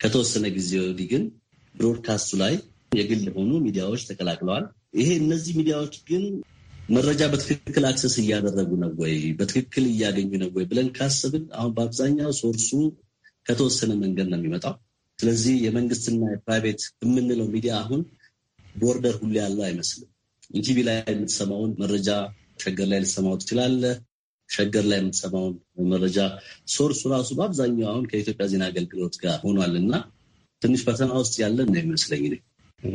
ከተወሰነ ጊዜ ወዲህ ግን ብሮድካስቱ ላይ የግል የሆኑ ሚዲያዎች ተቀላቅለዋል። ይሄ እነዚህ ሚዲያዎች ግን መረጃ በትክክል አክሰስ እያደረጉ ነው ወይ፣ በትክክል እያገኙ ነው ወይ ብለን ካሰብን አሁን በአብዛኛው ሶርሱ ከተወሰነ መንገድ ነው የሚመጣው። ስለዚህ የመንግስትና የፕራይቬት የምንለው ሚዲያ አሁን ቦርደር ሁሉ ያለው አይመስልም። ኢቲቪ ላይ የምትሰማውን መረጃ ሸገር ላይ ልሰማው ትችላለህ። ሸገር ላይ የምትሰማውን መረጃ ሶርሱ ራሱ በአብዛኛው አሁን ከኢትዮጵያ ዜና አገልግሎት ጋር ሆኗል እና ትንሽ ፈተና ውስጥ ያለን ነው ይመስለኝ።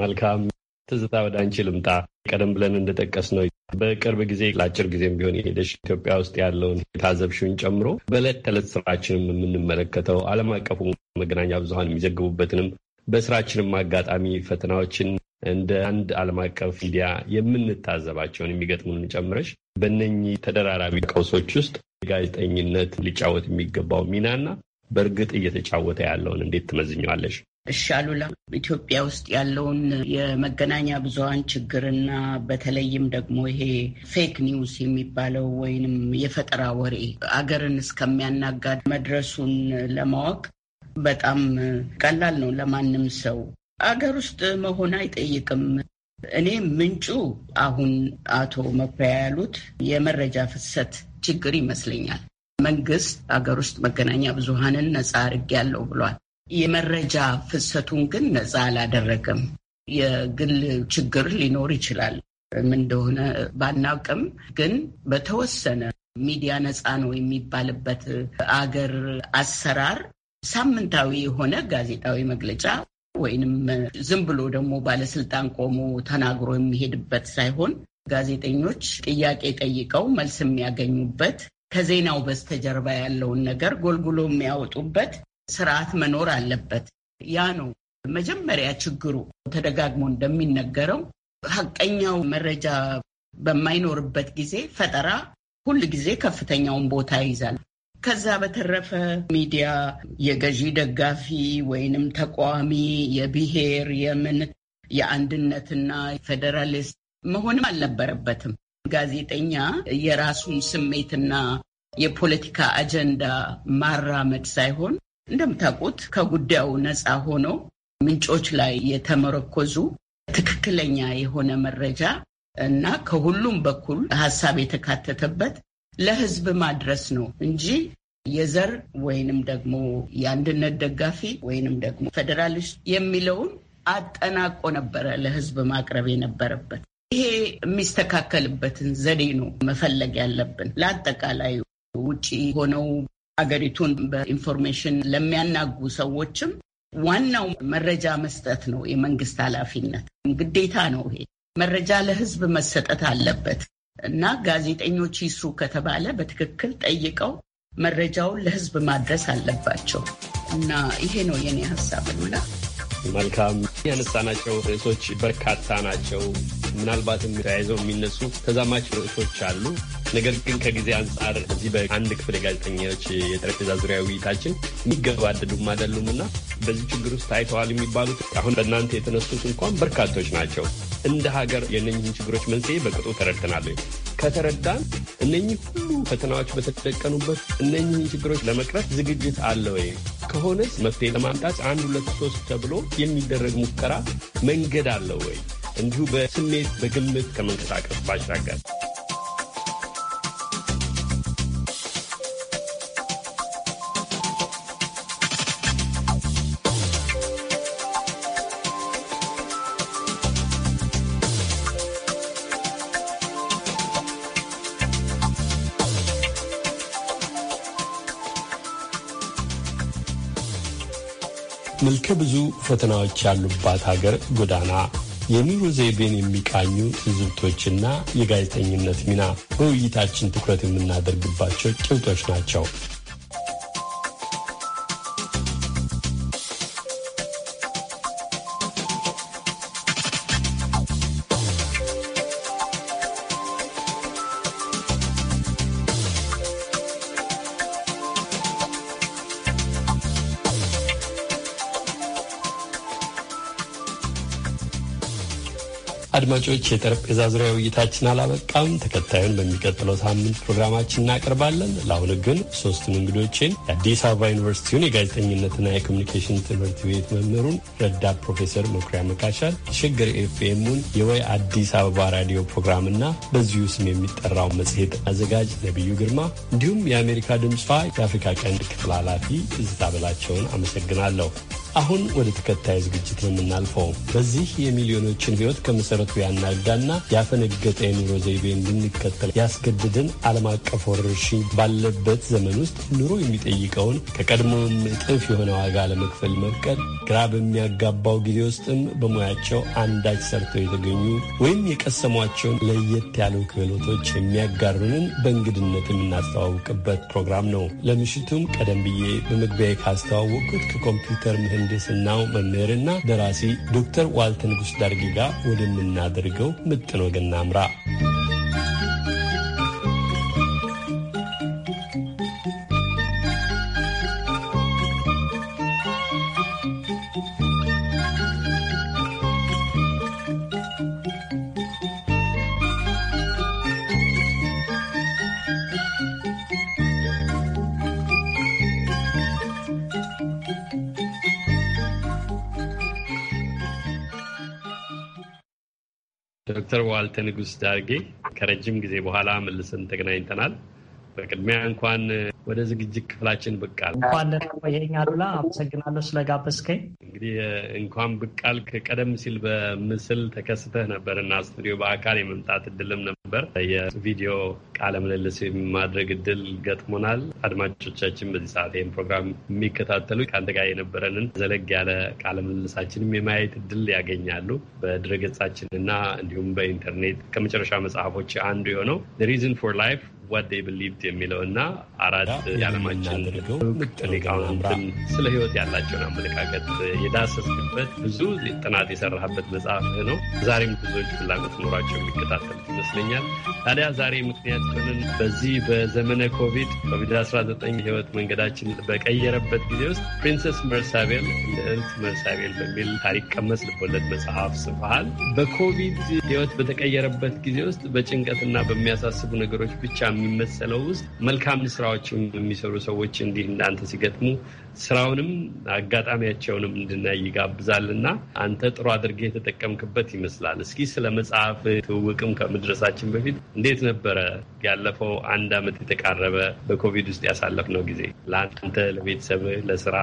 መልካም ትዝታ፣ ወደ አንቺ ልምጣ። ቀደም ብለን እንደጠቀስ ነው በቅርብ ጊዜ ለአጭር ጊዜም ቢሆን የሄደሽ ኢትዮጵያ ውስጥ ያለውን የታዘብሽውን ጨምሮ በዕለት ተዕለት ስራችንም የምንመለከተው ዓለም አቀፉ መገናኛ ብዙሀን የሚዘግቡበትንም በስራችንም አጋጣሚ ፈተናዎችን እንደ አንድ ዓለም አቀፍ ሚዲያ የምንታዘባቸውን የሚገጥሙን ጨምረሽ በእነኚህ ተደራራቢ ቀውሶች ውስጥ የጋዜጠኝነት ሊጫወት የሚገባው ሚናና በእርግጥ እየተጫወተ ያለውን እንዴት ትመዝኘዋለሽ? እሺ አሉላ፣ ኢትዮጵያ ውስጥ ያለውን የመገናኛ ብዙሃን ችግርና በተለይም ደግሞ ይሄ ፌክ ኒውስ የሚባለው ወይንም የፈጠራ ወሬ አገርን እስከሚያናጋድ መድረሱን ለማወቅ በጣም ቀላል ነው ለማንም ሰው አገር ውስጥ መሆን አይጠይቅም። እኔ ምንጩ አሁን አቶ መኩሪያ ያሉት የመረጃ ፍሰት ችግር ይመስለኛል። መንግስት አገር ውስጥ መገናኛ ብዙሃንን ነፃ አድርጌያለሁ ብሏል። የመረጃ ፍሰቱን ግን ነፃ አላደረገም። የግል ችግር ሊኖር ይችላል። ምን እንደሆነ ባናውቅም ግን በተወሰነ ሚዲያ ነፃ ነው የሚባልበት አገር አሰራር ሳምንታዊ የሆነ ጋዜጣዊ መግለጫ ወይንም ዝም ብሎ ደግሞ ባለስልጣን ቆሞ ተናግሮ የሚሄድበት ሳይሆን ጋዜጠኞች ጥያቄ ጠይቀው መልስ የሚያገኙበት ከዜናው በስተጀርባ ያለውን ነገር ጎልጉሎ የሚያወጡበት ስርዓት መኖር አለበት። ያ ነው መጀመሪያ ችግሩ። ተደጋግሞ እንደሚነገረው ሀቀኛው መረጃ በማይኖርበት ጊዜ ፈጠራ ሁል ጊዜ ከፍተኛውን ቦታ ይይዛል። ከዛ በተረፈ ሚዲያ የገዢ ደጋፊ ወይንም ተቋሚ የብሔር የምን የአንድነትና ፌዴራሊስት መሆንም አልነበረበትም። ጋዜጠኛ የራሱን ስሜትና የፖለቲካ አጀንዳ ማራመድ ሳይሆን እንደምታውቁት ከጉዳዩ ነፃ ሆኖ ምንጮች ላይ የተመረኮዙ ትክክለኛ የሆነ መረጃ እና ከሁሉም በኩል ሀሳብ የተካተተበት ለህዝብ ማድረስ ነው እንጂ የዘር ወይንም ደግሞ የአንድነት ደጋፊ ወይንም ደግሞ ፌዴራሊስት የሚለውን አጠናቆ ነበረ ለህዝብ ማቅረብ የነበረበት። ይሄ የሚስተካከልበትን ዘዴ ነው መፈለግ ያለብን። ለአጠቃላይ ውጪ ሆነው አገሪቱን በኢንፎርሜሽን ለሚያናጉ ሰዎችም ዋናው መረጃ መስጠት ነው የመንግስት ኃላፊነት ግዴታ ነው። ይሄ መረጃ ለህዝብ መሰጠት አለበት። እና ጋዜጠኞች ይስሩ ከተባለ በትክክል ጠይቀው መረጃውን ለህዝብ ማድረስ አለባቸው እና ይሄ ነው የኔ ሀሳብ ሉላ መልካም ያነሳናቸው ርዕሶች በርካታ ናቸው። ምናልባትም ተያይዘው የሚነሱ ተዛማች ርዕሶች አሉ። ነገር ግን ከጊዜ አንጻር እዚህ በአንድ ክፍል የጋዜጠኞች የጠረጴዛ ዙሪያ ውይይታችን የሚገባደዱም አይደሉም እና በዚህ ችግር ውስጥ ታይተዋል የሚባሉት አሁን በእናንተ የተነሱት እንኳን በርካቶች ናቸው። እንደ ሀገር የእነኝህን ችግሮች መንስኤ በቅጡ ተረድተናል። ከተረዳን እነኚህ ሁሉ ፈተናዎች በተደቀኑበት እነኚህን ችግሮች ለመቅረፍ ዝግጅት አለ ወይ? ከሆነስ መፍትሄ ለማምጣት አንድ ሁለት ሶስት ተብሎ የሚደረግ ሙከራ መንገድ አለው ወይ? እንዲሁ በስሜት በግምት ከመንቀሳቀስ ባሻገር መልከ ብዙ ፈተናዎች ያሉባት ሀገር ጎዳና የኑሮ ዘይቤን የሚቃኙ ትዝብቶችና የጋዜጠኝነት ሚና በውይይታችን ትኩረት የምናደርግባቸው ጭብጦች ናቸው። አድማጮች የጠረጴዛ ዙሪያ ውይይታችን አላበቃም። ተከታዩን በሚቀጥለው ሳምንት ፕሮግራማችን እናቀርባለን። ለአሁኑ ግን ሶስቱን እንግዶችን የአዲስ አበባ ዩኒቨርሲቲውን የጋዜጠኝነትና የኮሚኒኬሽን ትምህርት ቤት መምህሩን ረዳት ፕሮፌሰር መኩሪያ መካሻል፣ ሸገር ኤፍኤሙን የወይ አዲስ አበባ ራዲዮ ፕሮግራምና በዚሁ ስም የሚጠራው መጽሔት አዘጋጅ ነቢዩ ግርማ እንዲሁም የአሜሪካ ድምፅ የአፍሪካ ቀንድ ክፍል ኃላፊ እዝታ በላቸውን አመሰግናለሁ። አሁን ወደ ተከታይ ዝግጅት ነው የምናልፈው። በዚህ የሚሊዮኖችን ሕይወት ከመሠረቱ ያናጋና ያፈነገጠ የኑሮ ዘይቤ እንድንከተል ያስገድድን ዓለም አቀፍ ወረርሽኝ ባለበት ዘመን ውስጥ ኑሮ የሚጠይቀውን ከቀድሞም እጥፍ የሆነ ዋጋ ለመክፈል መፍቀድ፣ ግራ በሚያጋባው ጊዜ ውስጥም በሙያቸው አንዳች ሰርተው የተገኙ ወይም የቀሰሟቸውን ለየት ያሉ ክህሎቶች የሚያጋሩንን በእንግድነት የምናስተዋውቅበት ፕሮግራም ነው። ለምሽቱም ቀደም ብዬ በመግቢያ ካስተዋወቅኩት ከኮምፒውተር ምህን የምህንድስናው መምህርና ደራሲ ዶክተር ዋልተ ንጉሥ ዳርጊጋ ወደምናደርገው ምጥን ወገና እናምራ። ዶክተር ዋልተ ንጉስ ዳርጌ ከረጅም ጊዜ በኋላ መልሰን ተገናኝተናል። በቅድሚያ እንኳን ወደ ዝግጅት ክፍላችን ብቃል እንኳን ደህና አሉላ። አመሰግናለሁ ስለጋበዝከኝ። እንግዲህ እንኳን ብቃል ቀደም ሲል በምስል ተከስተህ ነበር እና ስቱዲዮ በአካል የመምጣት እድልም ነበር። የቪዲዮ ቃለ ምልልስ የማድረግ እድል ገጥሞናል። አድማጮቻችን በዚህ ሰዓት ይህን ፕሮግራም የሚከታተሉ ከአንተ ጋር የነበረንን ዘለግ ያለ ቃለ ምልልሳችንም የማየት እድል ያገኛሉ። በድረገጻችንና እንዲሁም በኢንተርኔት ከመጨረሻ መጽሐፎች አንዱ የሆነው ሪዝን ፎር ላይፍ ዋት ዴይ ቢሊቭድ የሚለው እና አራት የዓለማችን ምርጥ ሊቃውንትን ስለ ህይወት ያላቸውን አመለካከት የዳሰስክበት ብዙ ጥናት የሰራህበት መጽሐፍህ ነው። ዛሬም ብዙዎች ፍላጎት ኖሯቸው የሚከታተሉ ይመስለኛል። ታዲያ ዛሬ ምክንያት ሆንን በዚህ በዘመነ ኮቪድ ኮቪድ-19 ህይወት መንገዳችን በቀየረበት ጊዜ ውስጥ ፕሪንሰስ መርሳቤል ልዕልት መርሳቤል በሚል ታሪክ ቀመስ ልቦለድ መጽሐፍ ጽፈሃል። በኮቪድ ህይወት በተቀየረበት ጊዜ ውስጥ በጭንቀትና በሚያሳስቡ ነገሮች ብቻ የሚመሰለው ውስጥ መልካም ስራዎችን የሚሰሩ ሰዎች እንዲህ እንዳንተ ሲገጥሙ ስራውንም አጋጣሚያቸውንም እንድናይ ይጋብዛል አንተ ጥሩ አድርገህ የተጠቀምክበት ይመስላል። እስኪ ስለ መጽሐፍ ትውውቅም ከመድረሳችን በፊት እንዴት ነበረ ያለፈው አንድ ዓመት የተቃረበ በኮቪድ ውስጥ ያሳለፍነው ጊዜ ለአንተ፣ ለቤተሰብ፣ ለስራ?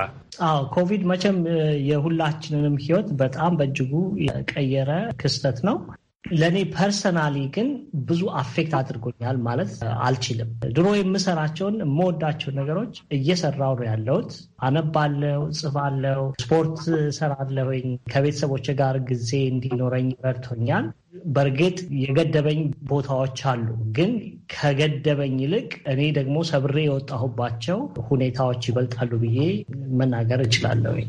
አዎ ኮቪድ መቼም የሁላችንንም ህይወት በጣም በእጅጉ የቀየረ ክስተት ነው። ለእኔ ፐርሰናሊ ግን ብዙ አፌክት አድርጎኛል ማለት አልችልም። ድሮ የምሰራቸውን የምወዳቸው ነገሮች እየሰራው ነው ያለሁት። አነባለው፣ ጽፋለው፣ ስፖርት ሰራለሁኝ። ከቤተሰቦች ጋር ጊዜ እንዲኖረኝ ረድቶኛል። በእርግጥ የገደበኝ ቦታዎች አሉ፣ ግን ከገደበኝ ይልቅ እኔ ደግሞ ሰብሬ የወጣሁባቸው ሁኔታዎች ይበልጣሉ ብዬ መናገር እችላለሁኝ።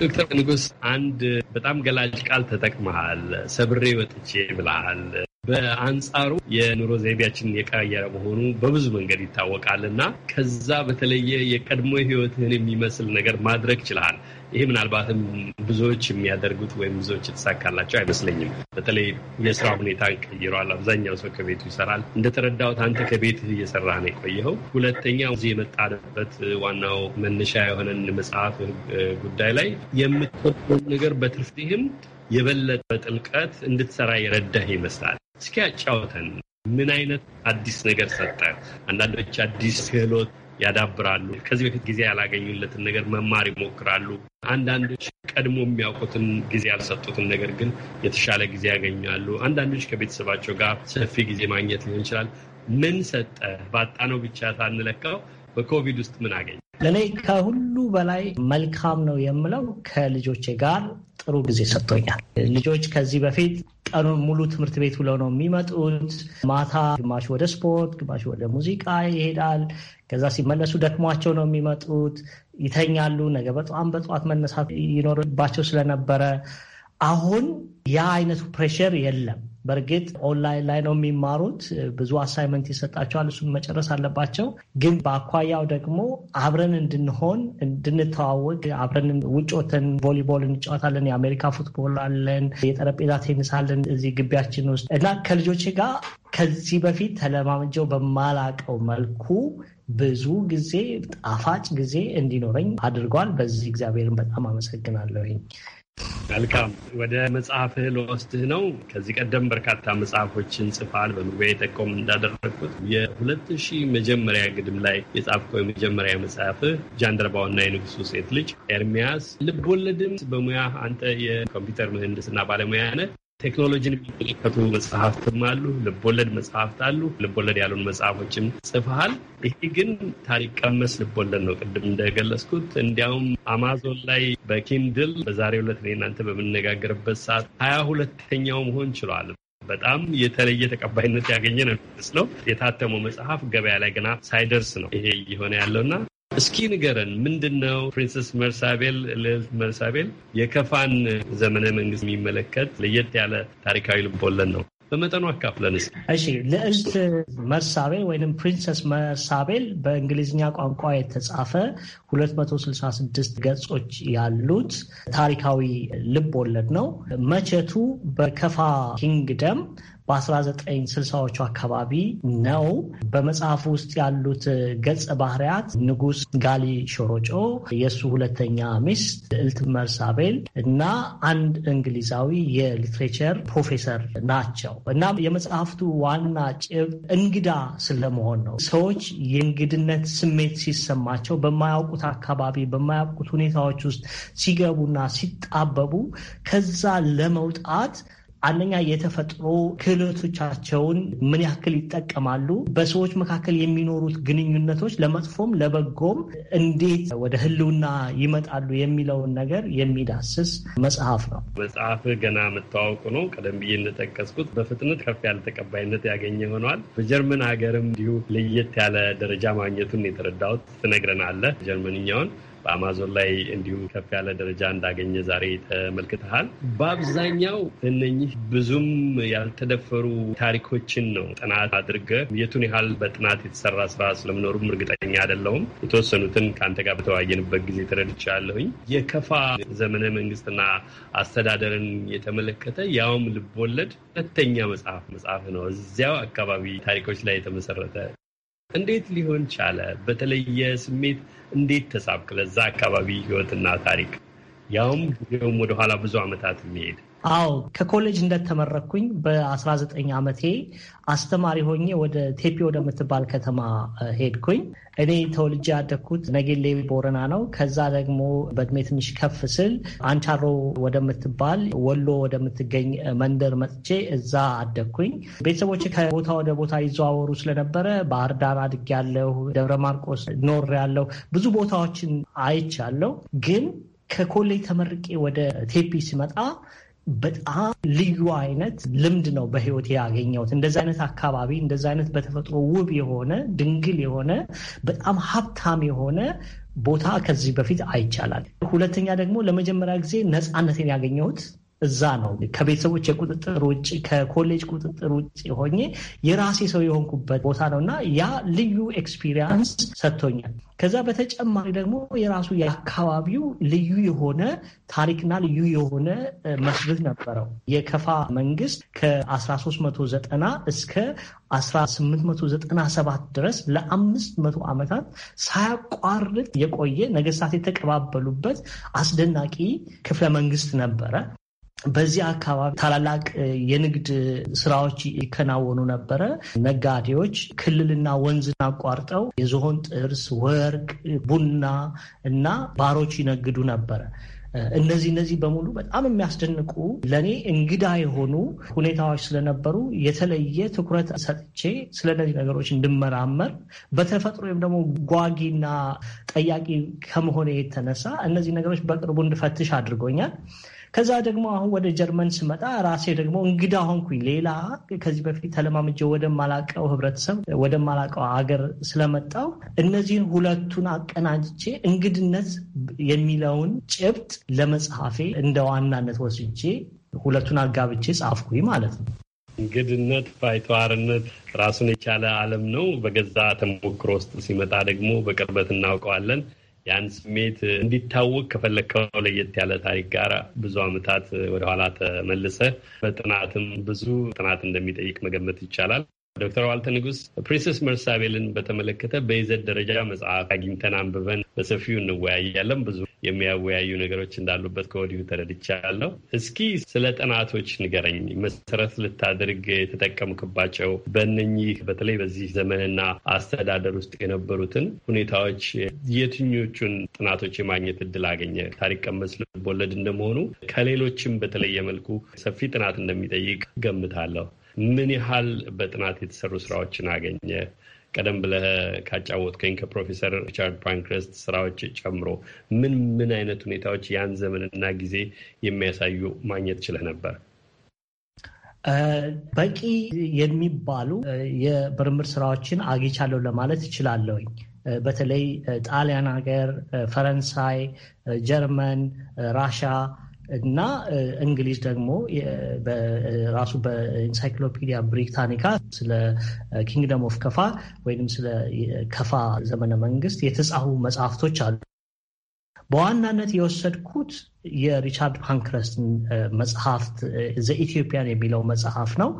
ዶክተር ንጉስ አንድ በጣም ገላጭ ቃል ተጠቅመሃል። ሰብሬ ወጥቼ ብልሃል። በአንጻሩ የኑሮ ዘይቤያችንን የቀየረ መሆኑ በብዙ መንገድ ይታወቃል እና ከዛ በተለየ የቀድሞ ህይወትህን የሚመስል ነገር ማድረግ ችልሃል። ይሄ ምናልባትም ብዙዎች የሚያደርጉት ወይም ብዙዎች የተሳካላቸው አይመስለኝም። በተለይ የስራ ሁኔታ ቀይረዋል። አብዛኛው ሰው ከቤቱ ይሰራል። እንደተረዳሁት አንተ ከቤት እየሰራ ነው የቆየኸው። ሁለተኛ እዚህ የመጣበት ዋናው መነሻ የሆነን መጽሐፍ ጉዳይ ላይ የምትወደውን ነገር በትርፍህም የበለጠ በጥልቀት እንድትሰራ የረዳህ ይመስላል። እስኪ ያጫውተን። ምን አይነት አዲስ ነገር ሰጠ? አንዳንዶች አዲስ ክህሎት ያዳብራሉ። ከዚህ በፊት ጊዜ ያላገኙለትን ነገር መማር ይሞክራሉ። አንዳንዶች ቀድሞ የሚያውቁትን ጊዜ ያልሰጡትን ነገር ግን የተሻለ ጊዜ ያገኛሉ። አንዳንዶች ከቤተሰባቸው ጋር ሰፊ ጊዜ ማግኘት ሊሆን ይችላል። ምን ሰጠ? ባጣነው ብቻ ሳንለካው በኮቪድ ውስጥ ምን አገኘ? ለእኔ ከሁሉ በላይ መልካም ነው የምለው ከልጆቼ ጋር ጥሩ ጊዜ ሰጥቶኛል። ልጆች ከዚህ በፊት ቀኑን ሙሉ ትምህርት ቤት ውለው ነው የሚመጡት። ማታ ግማሽ ወደ ስፖርት፣ ግማሽ ወደ ሙዚቃ ይሄዳል። ከዛ ሲመለሱ ደክሟቸው ነው የሚመጡት፣ ይተኛሉ። ነገ በጣም በጠዋት መነሳት ይኖርባቸው ስለነበረ አሁን ያ አይነቱ ፕሬሸር የለም። በእርግጥ ኦንላይን ላይ ነው የሚማሩት። ብዙ አሳይመንት ይሰጣቸዋል። እሱም መጨረስ አለባቸው። ግን በአኳያው ደግሞ አብረን እንድንሆን እንድንተዋወቅ፣ አብረን ውጭ ወተን ቮሊቦል እንጫወታለን፣ የአሜሪካ ፉትቦል አለን፣ የጠረጴዛ ቴኒስ አለን እዚህ ግቢያችን ውስጥ እና ከልጆች ጋር ከዚህ በፊት ተለማምጀው በማላቀው መልኩ ብዙ ጊዜ ጣፋጭ ጊዜ እንዲኖረኝ አድርጓል። በዚህ እግዚአብሔርን በጣም አመሰግናለሁኝ። መልካም ወደ መጽሐፍህ ለወስድህ ነው። ከዚህ ቀደም በርካታ መጽሐፎችን ጽፋል። በመግቢያ የጠቆም እንዳደረግኩት የሁለት ሺህ መጀመሪያ ግድም ላይ የጻፍከው የመጀመሪያ መጽሐፍህ ጃንደረባውና የንጉሱ ሴት ልጅ ኤርሚያስ ልብ ወለድም በሙያ አንተ የኮምፒውተር ምህንድስና ባለሙያ ነህ። ቴክኖሎጂን የሚመለከቱ መጽሐፍትም አሉ፣ ልቦለድ መጽሐፍት አሉ። ልቦለድ ያሉን መጽሐፎችም ጽፈሃል። ይሄ ግን ታሪክ ቀመስ ልቦለድ ነው። ቅድም እንደገለጽኩት እንዲያውም አማዞን ላይ በኪንድል በዛሬ ሁለት እኔ እናንተ በምነጋገርበት ሰዓት ሀያ ሁለተኛው መሆን ችሏል። በጣም የተለየ ተቀባይነት ያገኘ ነው የሚመስለው። የታተመው መጽሐፍ ገበያ ላይ ገና ሳይደርስ ነው ይሄ እየሆነ ያለውና እስኪ ንገረን ምንድን ነው ፕሪንሰስ መርሳቤል ልዕልት መርሳቤል የከፋን ዘመነ መንግስት የሚመለከት ለየት ያለ ታሪካዊ ልቦለን ነው። በመጠኑ አካፍለን እስኪ። እሺ፣ ልዕልት መርሳቤል ወይም ፕሪንሰስ መርሳቤል በእንግሊዝኛ ቋንቋ የተጻፈ 266 ገጾች ያሉት ታሪካዊ ልብ ወለድ ነው። መቼቱ በከፋ ኪንግደም በ1960ዎቹ አካባቢ ነው። በመጽሐፉ ውስጥ ያሉት ገጸ ባህሪያት ንጉሥ ጋሊ ሾሮጮ፣ የእሱ ሁለተኛ ሚስት እልት መርሳቤል እና አንድ እንግሊዛዊ የሊትሬቸር ፕሮፌሰር ናቸው እና የመጽሐፍቱ ዋና ጭብ እንግዳ ስለመሆን ነው። ሰዎች የእንግድነት ስሜት ሲሰማቸው በማያውቁት አካባቢ በማያውቁት ሁኔታዎች ውስጥ ሲገቡና ሲጣበቡ ከዛ ለመውጣት አንደኛ የተፈጥሮ ክህሎቶቻቸውን ምን ያክል ይጠቀማሉ፣ በሰዎች መካከል የሚኖሩት ግንኙነቶች ለመጥፎም ለበጎም እንዴት ወደ ህልውና ይመጣሉ የሚለውን ነገር የሚዳስስ መጽሐፍ ነው። መጽሐፍ ገና መታወቁ ነው። ቀደም ብዬ እንደጠቀስኩት በፍጥነት ከፍ ያለ ተቀባይነት ያገኘ ሆነዋል። በጀርመን ሀገርም እንዲሁ ለየት ያለ ደረጃ ማግኘቱን የተረዳሁት ትነግረናለህ ጀርመንኛውን በአማዞን ላይ እንዲሁም ከፍ ያለ ደረጃ እንዳገኘ ዛሬ ተመልክተሃል። በአብዛኛው እነኚህ ብዙም ያልተደፈሩ ታሪኮችን ነው ጥናት አድርገህ። የቱን ያህል በጥናት የተሰራ ስራ ስለመኖሩም እርግጠኛ አይደለሁም። የተወሰኑትን ከአንተ ጋር በተወያየንበት ጊዜ ተረድቻለሁኝ። የከፋ ዘመነ መንግስትና አስተዳደርን የተመለከተ ያውም ልቦለድ ሁለተኛ መጽሐፍ መጽሐፍ ነው። እዚያው አካባቢ ታሪኮች ላይ የተመሰረተ እንዴት ሊሆን ቻለ? በተለየ ስሜት እንዴት ተሳብክ ለዛ አካባቢ ህይወትና ታሪክ ያውም ጊዜውም ወደኋላ ብዙ ዓመታት የሚሄድ አዎ ከኮሌጅ እንደተመረኩኝ በ19 ዓመቴ አስተማሪ ሆኜ ወደ ቴፒ ወደምትባል ከተማ ሄድኩኝ። እኔ ተወልጄ ያደግኩት ነጌሌ ቦረና ነው። ከዛ ደግሞ በእድሜ ትንሽ ከፍ ስል አንቻሮ ወደምትባል ወሎ ወደምትገኝ መንደር መጥቼ እዛ አደግኩኝ። ቤተሰቦች ከቦታ ወደ ቦታ ይዘዋወሩ ስለነበረ ባህር ዳር ያለው ደብረ ማርቆስ ኖር ያለው ብዙ ቦታዎችን አይቻለሁ። ግን ከኮሌጅ ተመርቄ ወደ ቴፒ ሲመጣ በጣም ልዩ አይነት ልምድ ነው በህይወት ያገኘሁት። እንደዚ አይነት አካባቢ እንደዚ አይነት በተፈጥሮ ውብ የሆነ ድንግል የሆነ በጣም ሀብታም የሆነ ቦታ ከዚህ በፊት አይቻላል። ሁለተኛ ደግሞ ለመጀመሪያ ጊዜ ነፃነትን ያገኘሁት እዛ ነው ከቤተሰቦች የቁጥጥር ውጭ ከኮሌጅ ቁጥጥር ውጭ የሆኜ የራሴ ሰው የሆንኩበት ቦታ ነው እና ያ ልዩ ኤክስፒሪያንስ ሰጥቶኛል። ከዛ በተጨማሪ ደግሞ የራሱ የአካባቢው ልዩ የሆነ ታሪክና ልዩ የሆነ መስርት ነበረው። የከፋ መንግስት ከ1390 እስከ 1897 ድረስ ለአምስት መቶ ዓመታት ሳያቋርጥ የቆየ ነገስታት የተቀባበሉበት አስደናቂ ክፍለ መንግስት ነበረ። በዚህ አካባቢ ታላላቅ የንግድ ስራዎች ይከናወኑ ነበረ። ነጋዴዎች ክልልና ወንዝን አቋርጠው የዝሆን ጥርስ፣ ወርቅ፣ ቡና እና ባሮች ይነግዱ ነበረ። እነዚህ እነዚህ በሙሉ በጣም የሚያስደንቁ ለእኔ እንግዳ የሆኑ ሁኔታዎች ስለነበሩ የተለየ ትኩረት ሰጥቼ ስለ እነዚህ ነገሮች እንድመራመር በተፈጥሮ ወይም ደግሞ ጓጊና ጠያቂ ከመሆኔ የተነሳ እነዚህ ነገሮች በቅርቡ እንድፈትሽ አድርጎኛል። ከዛ ደግሞ አሁን ወደ ጀርመን ስመጣ ራሴ ደግሞ እንግዳ ሆንኩኝ። ሌላ ከዚህ በፊት ተለማምጀ ወደማላቀው ህብረተሰብ ወደማላቀው አገር ስለመጣው እነዚህን ሁለቱን አቀናጅቼ እንግድነት የሚለውን ጭብጥ ለመጽሐፌ እንደ ዋናነት ወስጄ ሁለቱን አጋብቼ ጻፍኩኝ ማለት ነው። እንግድነት ባይተዋርነት ራሱን የቻለ ዓለም ነው። በገዛ ተሞክሮ ውስጥ ሲመጣ ደግሞ በቅርበት እናውቀዋለን። ያን ስሜት እንዲታወቅ ከፈለግከው ለየት ያለ ታሪክ ጋር ብዙ ዓመታት ወደኋላ ተመልሰ በጥናትም ብዙ ጥናት እንደሚጠይቅ መገመት ይቻላል። ዶክተር ዋልተ ንጉስ ፕሪንሰስ መርሳቤልን በተመለከተ በይዘት ደረጃ መጽሐፍ አግኝተን አንብበን በሰፊው እንወያያለን። ብዙ የሚያወያዩ ነገሮች እንዳሉበት ከወዲሁ ተረድቻለሁ። እስኪ ስለ ጥናቶች ንገረኝ። መሰረት ልታደርግ የተጠቀምክባቸው በእነኚህ በተለይ በዚህ ዘመንና አስተዳደር ውስጥ የነበሩትን ሁኔታዎች የትኞቹን ጥናቶች የማግኘት እድል አገኘ? ታሪክ ቀመስ ልብ እንደመሆኑ ከሌሎችም በተለየ መልኩ ሰፊ ጥናት እንደሚጠይቅ ገምታለሁ። ምን ያህል በጥናት የተሰሩ ስራዎችን አገኘ? ቀደም ብለህ ካጫወትከኝ ከፕሮፌሰር ሪቻርድ ፓንክረስት ስራዎች ጨምሮ ምን ምን አይነት ሁኔታዎች ያን ዘመንና ጊዜ የሚያሳዩ ማግኘት ችለህ ነበር? በቂ የሚባሉ የምርምር ስራዎችን አግኝቻለሁ ለማለት እችላለሁኝ። በተለይ ጣሊያን ሀገር፣ ፈረንሳይ፣ ጀርመን፣ ራሻ እና እንግሊዝ ደግሞ ራሱ በኢንሳይክሎፒዲያ ብሪታኒካ ስለ ኪንግደም ኦፍ ከፋ ወይም ስለ ከፋ ዘመነ መንግስት የተጻፉ መጽሐፍቶች አሉ። በዋናነት የወሰድኩት የሪቻርድ ፓንክረስትን መጽሐፍት ዘኢትዮጵያን የሚለው መጽሐፍ ነው።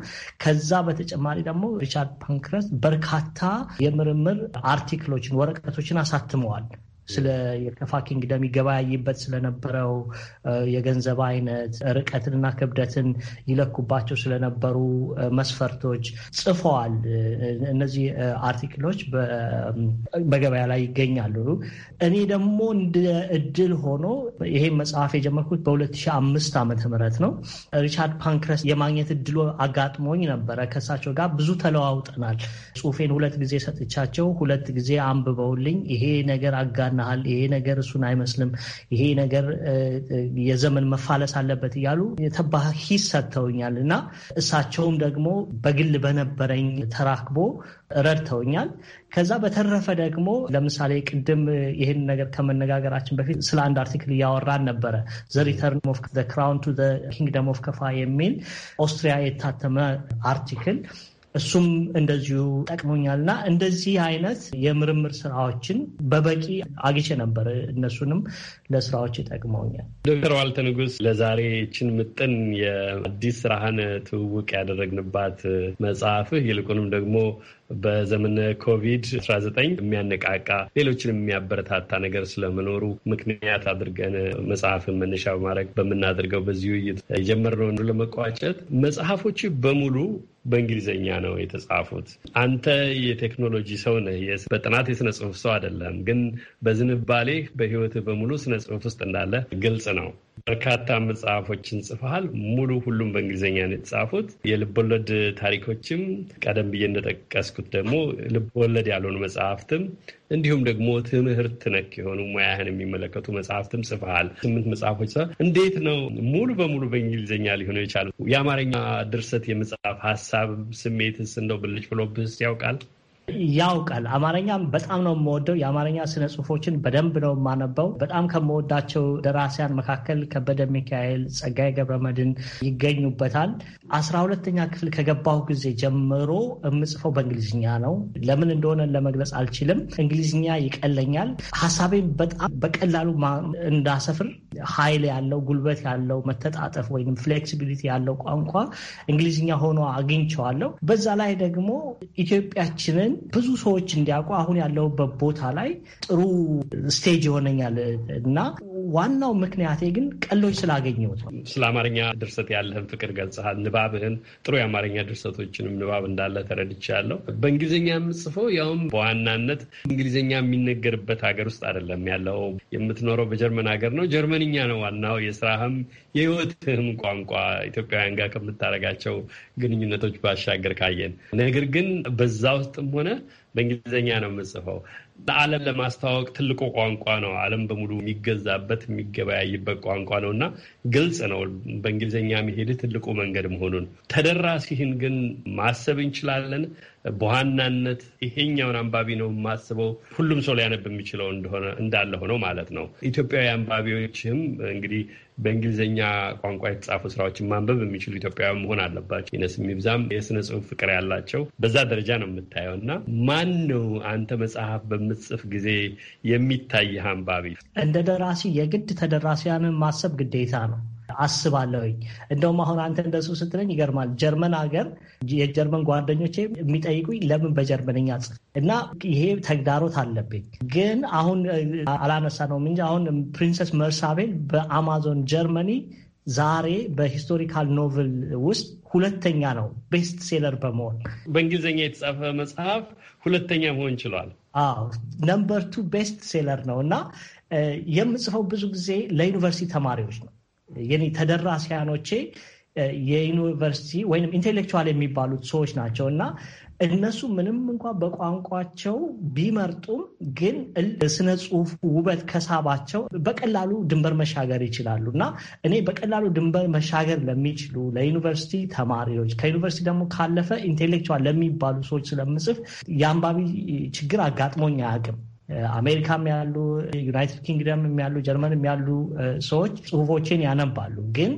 ከዛ በተጨማሪ ደግሞ ሪቻርድ ፓንክረስት በርካታ የምርምር አርቲክሎችን፣ ወረቀቶችን አሳትመዋል። ስለ የከፋ ኪንግደም ይገበያይበት ስለነበረው የገንዘብ አይነት ርቀትንና ክብደትን ይለኩባቸው ስለነበሩ መስፈርቶች ጽፈዋል። እነዚህ አርቲክሎች በገበያ ላይ ይገኛሉ። እኔ ደግሞ እንደ እድል ሆኖ ይሄ መጽሐፍ የጀመርኩት በ2005 ዓመተ ምት ነው። ሪቻርድ ፓንክረስ የማግኘት እድሉ አጋጥሞኝ ነበረ። ከእሳቸው ጋር ብዙ ተለዋውጠናል። ጽሁፌን ሁለት ጊዜ ሰጥቻቸው ሁለት ጊዜ አንብበውልኝ ይሄ ነገር አጋ ያናሃል፣ ይሄ ነገር እሱን አይመስልም፣ ይሄ ነገር የዘመን መፋለስ አለበት እያሉ የተባ ሂስ ሰጥተውኛል እና እሳቸውም ደግሞ በግል በነበረኝ ተራክቦ ረድተውኛል። ከዛ በተረፈ ደግሞ ለምሳሌ ቅድም ይህን ነገር ከመነጋገራችን በፊት ስለ አንድ አርቲክል እያወራን ነበረ። ዘ ሪተርን ኦፍ ክራውን ቱ ኪንግደም ኦፍ ከፋ የሚል ኦስትሪያ የታተመ አርቲክል እሱም እንደዚሁ ጠቅሞኛል እና እንደዚህ አይነት የምርምር ስራዎችን በበቂ አግቼ ነበር። እነሱንም ለስራዎች ይጠቅመውኛል። ዶክተር ዋልተ ንጉስ ችን ምጥን የአዲስ ስራህን ትውውቅ ያደረግንባት መጽሐፍህ ይልቁንም ደግሞ በዘመነ ኮቪድ-19 የሚያነቃቃ ሌሎችን የሚያበረታታ ነገር ስለመኖሩ ምክንያት አድርገን መጽሐፍን መነሻ በማድረግ በምናደርገው በዚህ ውይይት የጀመርነውን ለመቋጨት መጽሐፎች በሙሉ በእንግሊዝኛ ነው የተጻፉት። አንተ የቴክኖሎጂ ሰው ነህ፣ በጥናት የስነ ጽሁፍ ሰው አይደለም፣ ግን በዝንባሌህ በህይወትህ በሙሉ ስነ ጽሁፍ ውስጥ እንዳለ ግልጽ ነው። በርካታ መጽሐፎችን ጽፈሃል። ሙሉ ሁሉም በእንግሊዝኛ ነው የተጻፉት። የልቦለድ ታሪኮችም ቀደም ብዬ እንደጠቀስኩት ደግሞ ልቦለድ ያልሆኑ መጽሐፍትም እንዲሁም ደግሞ ትምህርት ነክ የሆኑ ሙያህን የሚመለከቱ መጽሐፍትም ጽፈሃል። ስምንት መጽሐፎች ጽፈሃል። እንዴት ነው ሙሉ በሙሉ በእንግሊዝኛ ሊሆኑ የቻሉ? የአማርኛ ድርሰት የመጽሐፍ ሀሳብ ስሜትስ እንደው ብልጭ ብሎብህ ያውቃል? ያውቃል። አማርኛም በጣም ነው የምወደው። የአማርኛ ስነ ጽሁፎችን በደንብ ነው የማነበው። በጣም ከምወዳቸው ደራሲያን መካከል ከበደ ሚካኤል፣ ጸጋዬ መድን ይገኙበታል። አስራ ሁለተኛ ክፍል ከገባሁ ጊዜ ጀምሮ የምጽፈው በእንግሊዝኛ ነው። ለምን እንደሆነ ለመግለጽ አልችልም። እንግሊዝኛ ይቀለኛል። ሀሳቤን በጣም በቀላሉ እንዳሰፍር ኃይል ያለው ጉልበት ያለው መተጣጠፍ ወይም ፍሌክሲቢሊቲ ያለው ቋንቋ እንግሊዝኛ ሆኖ አግኝቸዋለሁ። በዛ ላይ ደግሞ ኢትዮጵያችንን ብዙ ሰዎች እንዲያውቁ አሁን ያለሁበት ቦታ ላይ ጥሩ ስቴጅ ይሆነኛል እና ዋናው ምክንያቴ ግን ቀሎች ስላገኘሁት ነው። ስለ አማርኛ ድርሰት ያለህን ፍቅር ገልጸሃል። ንባብህን ጥሩ የአማርኛ ድርሰቶችንም ንባብ እንዳለ ተረድቻለሁ። በእንግሊዝኛ የምጽፈው ያውም በዋናነት እንግሊዝኛ የሚነገርበት ሀገር ውስጥ አይደለም ያለው። የምትኖረው በጀርመን ሀገር ነው። ጀርመንኛ ነው ዋናው የስራህም የህይወትህም ቋንቋ ኢትዮጵያውያን ጋር ከምታደርጋቸው ግንኙነቶች ባሻገር ካየን ነገር ግን በዛ ውስጥም ሆነ ከሆነ በእንግሊዝኛ ነው የምጽፈው። ለዓለም ለማስተዋወቅ ትልቁ ቋንቋ ነው። ዓለም በሙሉ የሚገዛበት የሚገበያይበት ቋንቋ ነው እና ግልጽ ነው በእንግሊዝኛ መሄድ ትልቁ መንገድ መሆኑን። ተደራሲህን ግን ማሰብ እንችላለን። በዋናነት ይሄኛውን አንባቢ ነው የማስበው ሁሉም ሰው ሊያነብ የሚችለው እንደሆነ እንዳለ ሆነው ማለት ነው። ኢትዮጵያዊ አንባቢዎችም እንግዲህ በእንግሊዝኛ ቋንቋ የተጻፉ ስራዎችን ማንበብ የሚችሉ ኢትዮጵያዊ መሆን አለባቸው። ይነስ የሚብዛም የስነ ጽሁፍ ፍቅር ያላቸው በዛ ደረጃ ነው የምታየው። እና ማን ነው አንተ መጽሐፍ በምትጽፍ ጊዜ የሚታይህ አንባቢ? እንደ ደራሲ የግድ ተደራሲያንን ማሰብ ግዴታ ነው። አስባለሁኝ። እንደውም አሁን አንተ እንደሱ ስትለኝ ይገርማል። ጀርመን ሀገር የጀርመን ጓደኞች የሚጠይቁኝ ለምን በጀርመንኛ ጽፍ እና ይሄ ተግዳሮት አለብኝ። ግን አሁን አላነሳ ነው እንጂ አሁን ፕሪንሰስ መርሳቤል በአማዞን ጀርመኒ ዛሬ በሂስቶሪካል ኖቨል ውስጥ ሁለተኛ ነው፣ ቤስት ሴለር በመሆን በእንግሊዝኛ የተጻፈ መጽሐፍ ሁለተኛ መሆን ችሏል። ነምበር ቱ ቤስት ሴለር ነው እና የምጽፈው ብዙ ጊዜ ለዩኒቨርሲቲ ተማሪዎች ነው። ተደራሲያኖቼ የዩኒቨርሲቲ ወይም ኢንቴሌክቹዋል የሚባሉት ሰዎች ናቸው እና እነሱ ምንም እንኳ በቋንቋቸው ቢመርጡም ግን ስነ ጽሁፉ ውበት ከሳባቸው በቀላሉ ድንበር መሻገር ይችላሉ እና እኔ በቀላሉ ድንበር መሻገር ለሚችሉ ለዩኒቨርሲቲ ተማሪዎች ከዩኒቨርሲቲ ደግሞ ካለፈ ኢንቴሌክቹዋል ለሚባሉ ሰዎች ስለምጽፍ የአንባቢ ችግር አጋጥሞኝ አያውቅም። አሜሪካም ያሉ ዩናይትድ ኪንግደም ያሉ ጀርመንም ያሉ ሰዎች ጽሁፎችን ያነባሉ ግን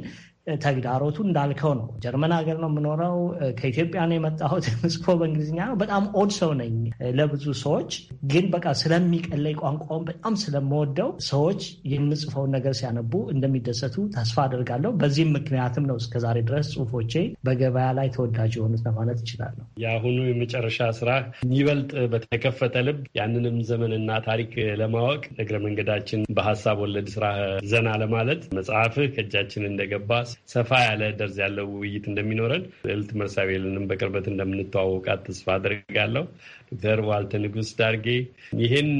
ተግዳሮቱ እንዳልከው ነው። ጀርመን ሀገር ነው የምኖረው። ከኢትዮጵያ ነው የመጣሁት። ምስኮ በእንግሊዝኛ ነው። በጣም ኦድ ሰው ነኝ ለብዙ ሰዎች። ግን በቃ ስለሚቀለይ ቋንቋውን በጣም ስለምወደው ሰዎች የምጽፈውን ነገር ሲያነቡ እንደሚደሰቱ ተስፋ አደርጋለሁ። በዚህም ምክንያትም ነው እስከዛሬ ድረስ ጽሁፎቼ በገበያ ላይ ተወዳጅ የሆኑት ለማለት እችላለሁ። የአሁኑ የመጨረሻ ስራ ይበልጥ በተከፈተ ልብ ያንንም ዘመንና ታሪክ ለማወቅ እግረ መንገዳችን በሀሳብ ወለድ ስራ ዘና ለማለት መጽሐፍህ ከእጃችን እንደገባ ሰፋ ያለ ደርዝ ያለው ውይይት እንደሚኖረን ልዕልት መርሳቤልንም በቅርበት እንደምንተዋወቃት ተስፋ አድርጋለሁ። ዶክተር ዋልተ ንጉስ ዳርጌ ይህን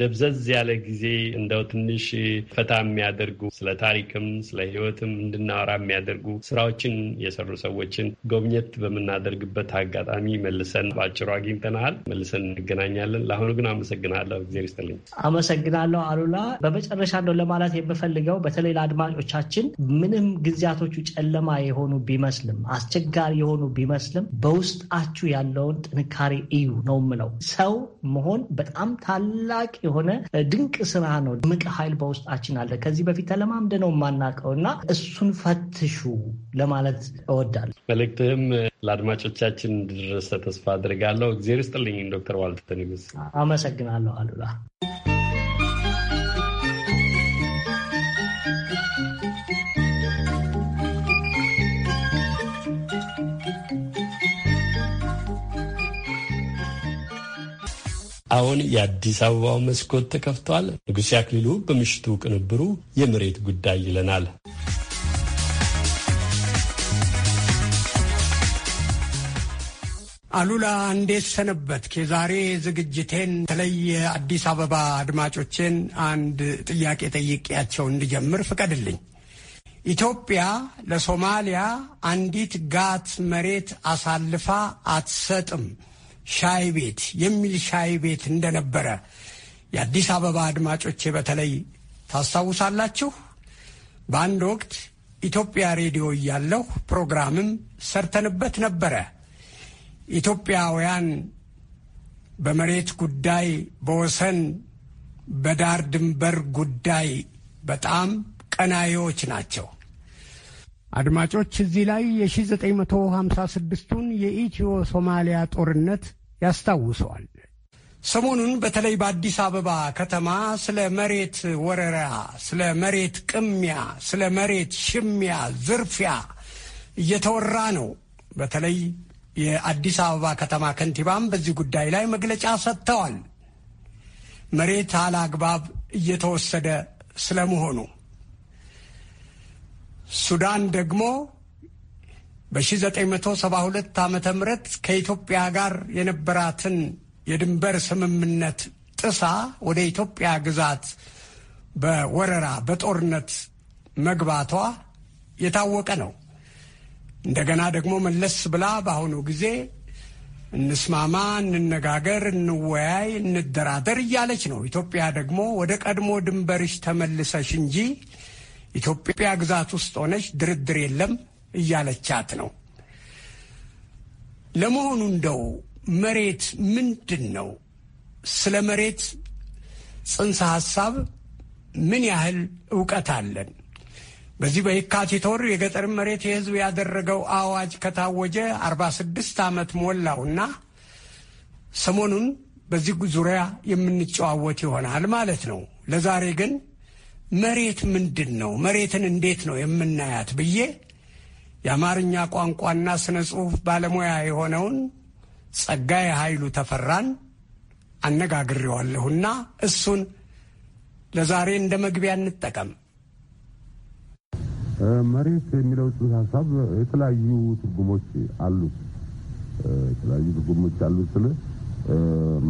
ደብዘዝ ያለ ጊዜ እንደው ትንሽ ፈታ የሚያደርጉ ስለ ታሪክም ስለ ሕይወትም እንድናወራ የሚያደርጉ ስራዎችን የሰሩ ሰዎችን ጎብኘት በምናደርግበት አጋጣሚ መልሰን በአጭሩ አግኝተናል። መልሰን እንገናኛለን። ለአሁኑ ግን አመሰግናለሁ። እግዜር ይስጥልኝ። አመሰግናለሁ አሉላ። በመጨረሻ እንደው ለማለት የምፈልገው በተለይ ለአድማጮቻችን ምንም ጊዜያቶቹ ጨለማ የሆኑ ቢመስልም አስቸጋሪ የሆኑ ቢመስልም በውስጣችሁ ያለውን ጥንካሬ እዩ ነው የምለው። ሰው መሆን በጣም ታላቅ ታላቅ የሆነ ድንቅ ስራ ነው። ድምቅ ኃይል በውስጣችን አለ። ከዚህ በፊት ተለማምደ ነው የማናውቀው እና እሱን ፈትሹ ለማለት እወዳለሁ። መልእክትህም ለአድማጮቻችን እንድደረሰ ተስፋ አድርጋለሁ። እግዜር ይስጥልኝ ዶክተር ዋልተ ንጉስ። አመሰግናለሁ አሉላ። አሁን የአዲስ አበባው መስኮት ተከፍቷል። ንጉሴ አክሊሉ በምሽቱ ቅንብሩ የመሬት ጉዳይ ይለናል። አሉላ እንዴት ሰነበትክ? የዛሬ ዝግጅቴን በተለይ አዲስ አበባ አድማጮቼን አንድ ጥያቄ ጠይቄያቸው እንድጀምር ፍቀድልኝ። ኢትዮጵያ ለሶማሊያ አንዲት ጋት መሬት አሳልፋ አትሰጥም ሻይ ቤት የሚል ሻይ ቤት እንደነበረ የአዲስ አበባ አድማጮቼ በተለይ ታስታውሳላችሁ። በአንድ ወቅት ኢትዮጵያ ሬዲዮ እያለሁ ፕሮግራምም ሰርተንበት ነበረ። ኢትዮጵያውያን በመሬት ጉዳይ፣ በወሰን በዳር ድንበር ጉዳይ በጣም ቀናዮች ናቸው። አድማጮች እዚህ ላይ የ1956ቱን የኢትዮ ሶማሊያ ጦርነት ያስታውሰዋል። ሰሞኑን በተለይ በአዲስ አበባ ከተማ ስለ መሬት ወረራ፣ ስለ መሬት ቅሚያ፣ ስለ መሬት ሽሚያ፣ ዝርፊያ እየተወራ ነው። በተለይ የአዲስ አበባ ከተማ ከንቲባም በዚህ ጉዳይ ላይ መግለጫ ሰጥተዋል። መሬት አላግባብ እየተወሰደ ስለመሆኑ ሱዳን ደግሞ በ1972 ዓ ም ከኢትዮጵያ ጋር የነበራትን የድንበር ስምምነት ጥሳ ወደ ኢትዮጵያ ግዛት በወረራ በጦርነት መግባቷ የታወቀ ነው። እንደገና ደግሞ መለስ ብላ በአሁኑ ጊዜ እንስማማ፣ እንነጋገር፣ እንወያይ፣ እንደራደር እያለች ነው። ኢትዮጵያ ደግሞ ወደ ቀድሞ ድንበርሽ ተመልሰሽ እንጂ ኢትዮጵያ ግዛት ውስጥ ሆነች ድርድር የለም እያለቻት ነው። ለመሆኑ እንደው መሬት ምንድን ነው? ስለ መሬት ጽንሰ ሐሳብ ምን ያህል እውቀት አለን? በዚህ በየካቲት ወር የገጠር መሬት የህዝብ ያደረገው አዋጅ ከታወጀ 46 ዓመት ሞላውና ሰሞኑን በዚህ ዙሪያ የምንጨዋወት ይሆናል ማለት ነው። ለዛሬ ግን መሬት ምንድን ነው? መሬትን እንዴት ነው የምናያት ብዬ የአማርኛ ቋንቋና ስነ ጽሑፍ ባለሙያ የሆነውን ጸጋዬ ኃይሉ ተፈራን አነጋግሬዋለሁና እሱን ለዛሬ እንደ መግቢያ እንጠቀም። መሬት የሚለው ጽንሰ ሀሳብ የተለያዩ ትርጉሞች አሉት። የተለያዩ ትርጉሞች አሉት ስል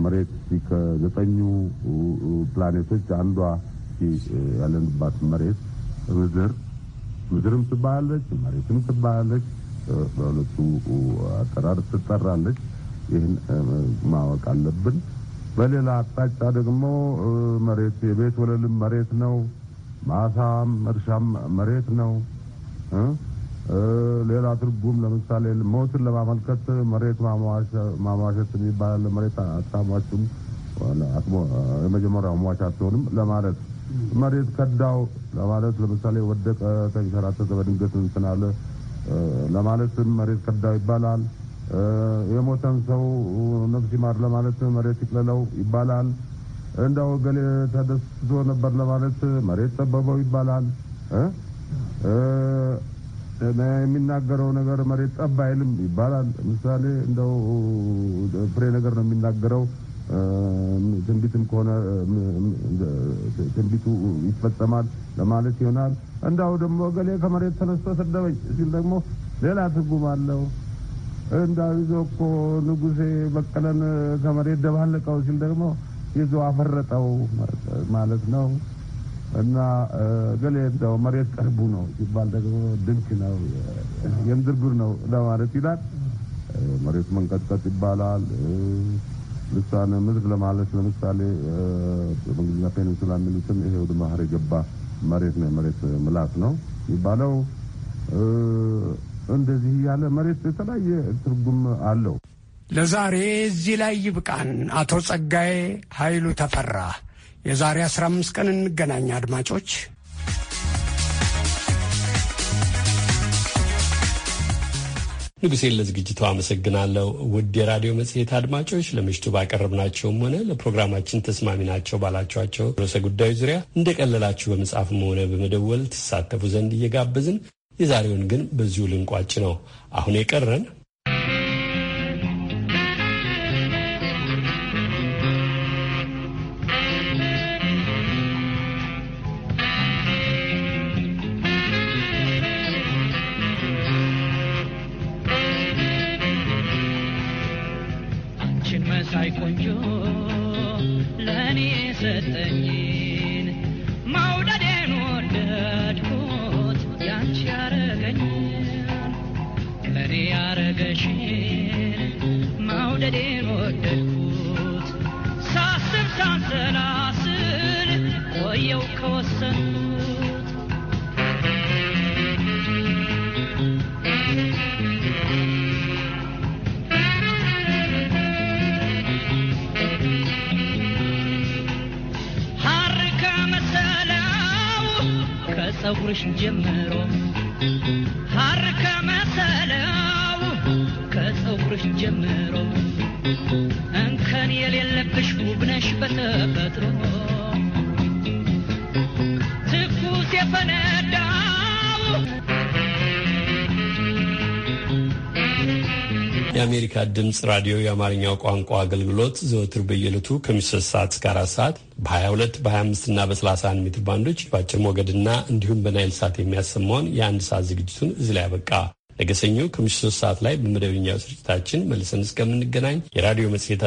መሬት ከዘጠኙ ፕላኔቶች አንዷ ያለንባት መሬት ምድር ምድርም ትባላለች፣ መሬትም ትባላለች። በሁለቱ አጠራር ትጠራለች። ይህን ማወቅ አለብን። በሌላ አቅጣጫ ደግሞ መሬት የቤት ወለልም መሬት ነው። ማሳም እርሻም መሬት ነው። ሌላ ትርጉም ለምሳሌ ሞትን ለማመልከት መሬት ማሟሸት የሚባላል መሬት አታሟችም፣ የመጀመሪያው ሟች አትሆንም ለማለት መሬት ከዳው ለማለት ለምሳሌ ወደቀ፣ ተንሸራተተ፣ በድንገት እንትን አለ ለማለትም መሬት ከዳው ይባላል። የሞተን ሰው ነፍስ ይማር ለማለት መሬት ይቅለለው ይባላል። እንደው ገሌ ተደስቶ ነበር ለማለት መሬት ጠበበው ይባላል። የሚናገረው ነገር መሬት ጠብ አይልም ይባላል። ምሳሌ እንደው ፍሬ ነገር ነው የሚናገረው ትንቢትም ከሆነ ትንቢቱ ይፈጸማል ለማለት ይሆናል። እንዳው ደግሞ እገሌ ከመሬት ተነስቶ ሰደበኝ ሲል ደግሞ ሌላ ትርጉም አለው። እንዳው ይዞ እኮ ንጉሴ በቀለን ከመሬት ደባለቀው ሲል ደግሞ ይዞ አፈረጠው ማለት ነው። እና ገሌ እንደው መሬት ቀርቡ ነው ሲባል ደግሞ ድንክ ነው የምድርግር ነው ለማለት ይላል። መሬት መንቀጥቀጥ ይባላል። ልሳነ ምድር ለማለት ለምሳሌ በእንግሊዝኛ ፔኒንሱላ የሚሉትን ይሄ ወደ ባህር የገባ መሬት ነው የመሬት ምላት ነው የሚባለው። እንደዚህ እያለ መሬት የተለያየ ትርጉም አለው። ለዛሬ እዚህ ላይ ይብቃን። አቶ ጸጋዬ ኃይሉ ተፈራ፣ የዛሬ አስራ አምስት ቀን እንገናኝ አድማጮች። ንጉሴን ለዝግጅቱ አመሰግናለሁ። ውድ የራዲዮ መጽሔት አድማጮች ለምሽቱ ባቀረብናቸውም ሆነ ለፕሮግራማችን ተስማሚ ናቸው ባላቸኋቸው ርዕሰ ጉዳዮች ዙሪያ እንደቀለላችሁ በመጻፍም ሆነ በመደወል ትሳተፉ ዘንድ እየጋበዝን የዛሬውን ግን በዚሁ ልንቋጭ ነው። አሁን የቀረን ድምፅ ራዲዮ የአማርኛው ቋንቋ አገልግሎት ዘወትር በየለቱ ከምሽቱ ሶስት ሰዓት እስከ አራት ሰዓት በ22 በ25 እና በ31 ሜትር ባንዶች በአጭር ሞገድና እንዲሁም በናይል ሳት የሚያሰማውን የአንድ ሰዓት ዝግጅቱን እዚህ ላይ ያበቃ። ነገ ሰኞ ከምሽቱ ሶስት ሰዓት ላይ በመደበኛው ስርጭታችን መልሰን እስከምንገናኝ የራዲዮ መጽሔት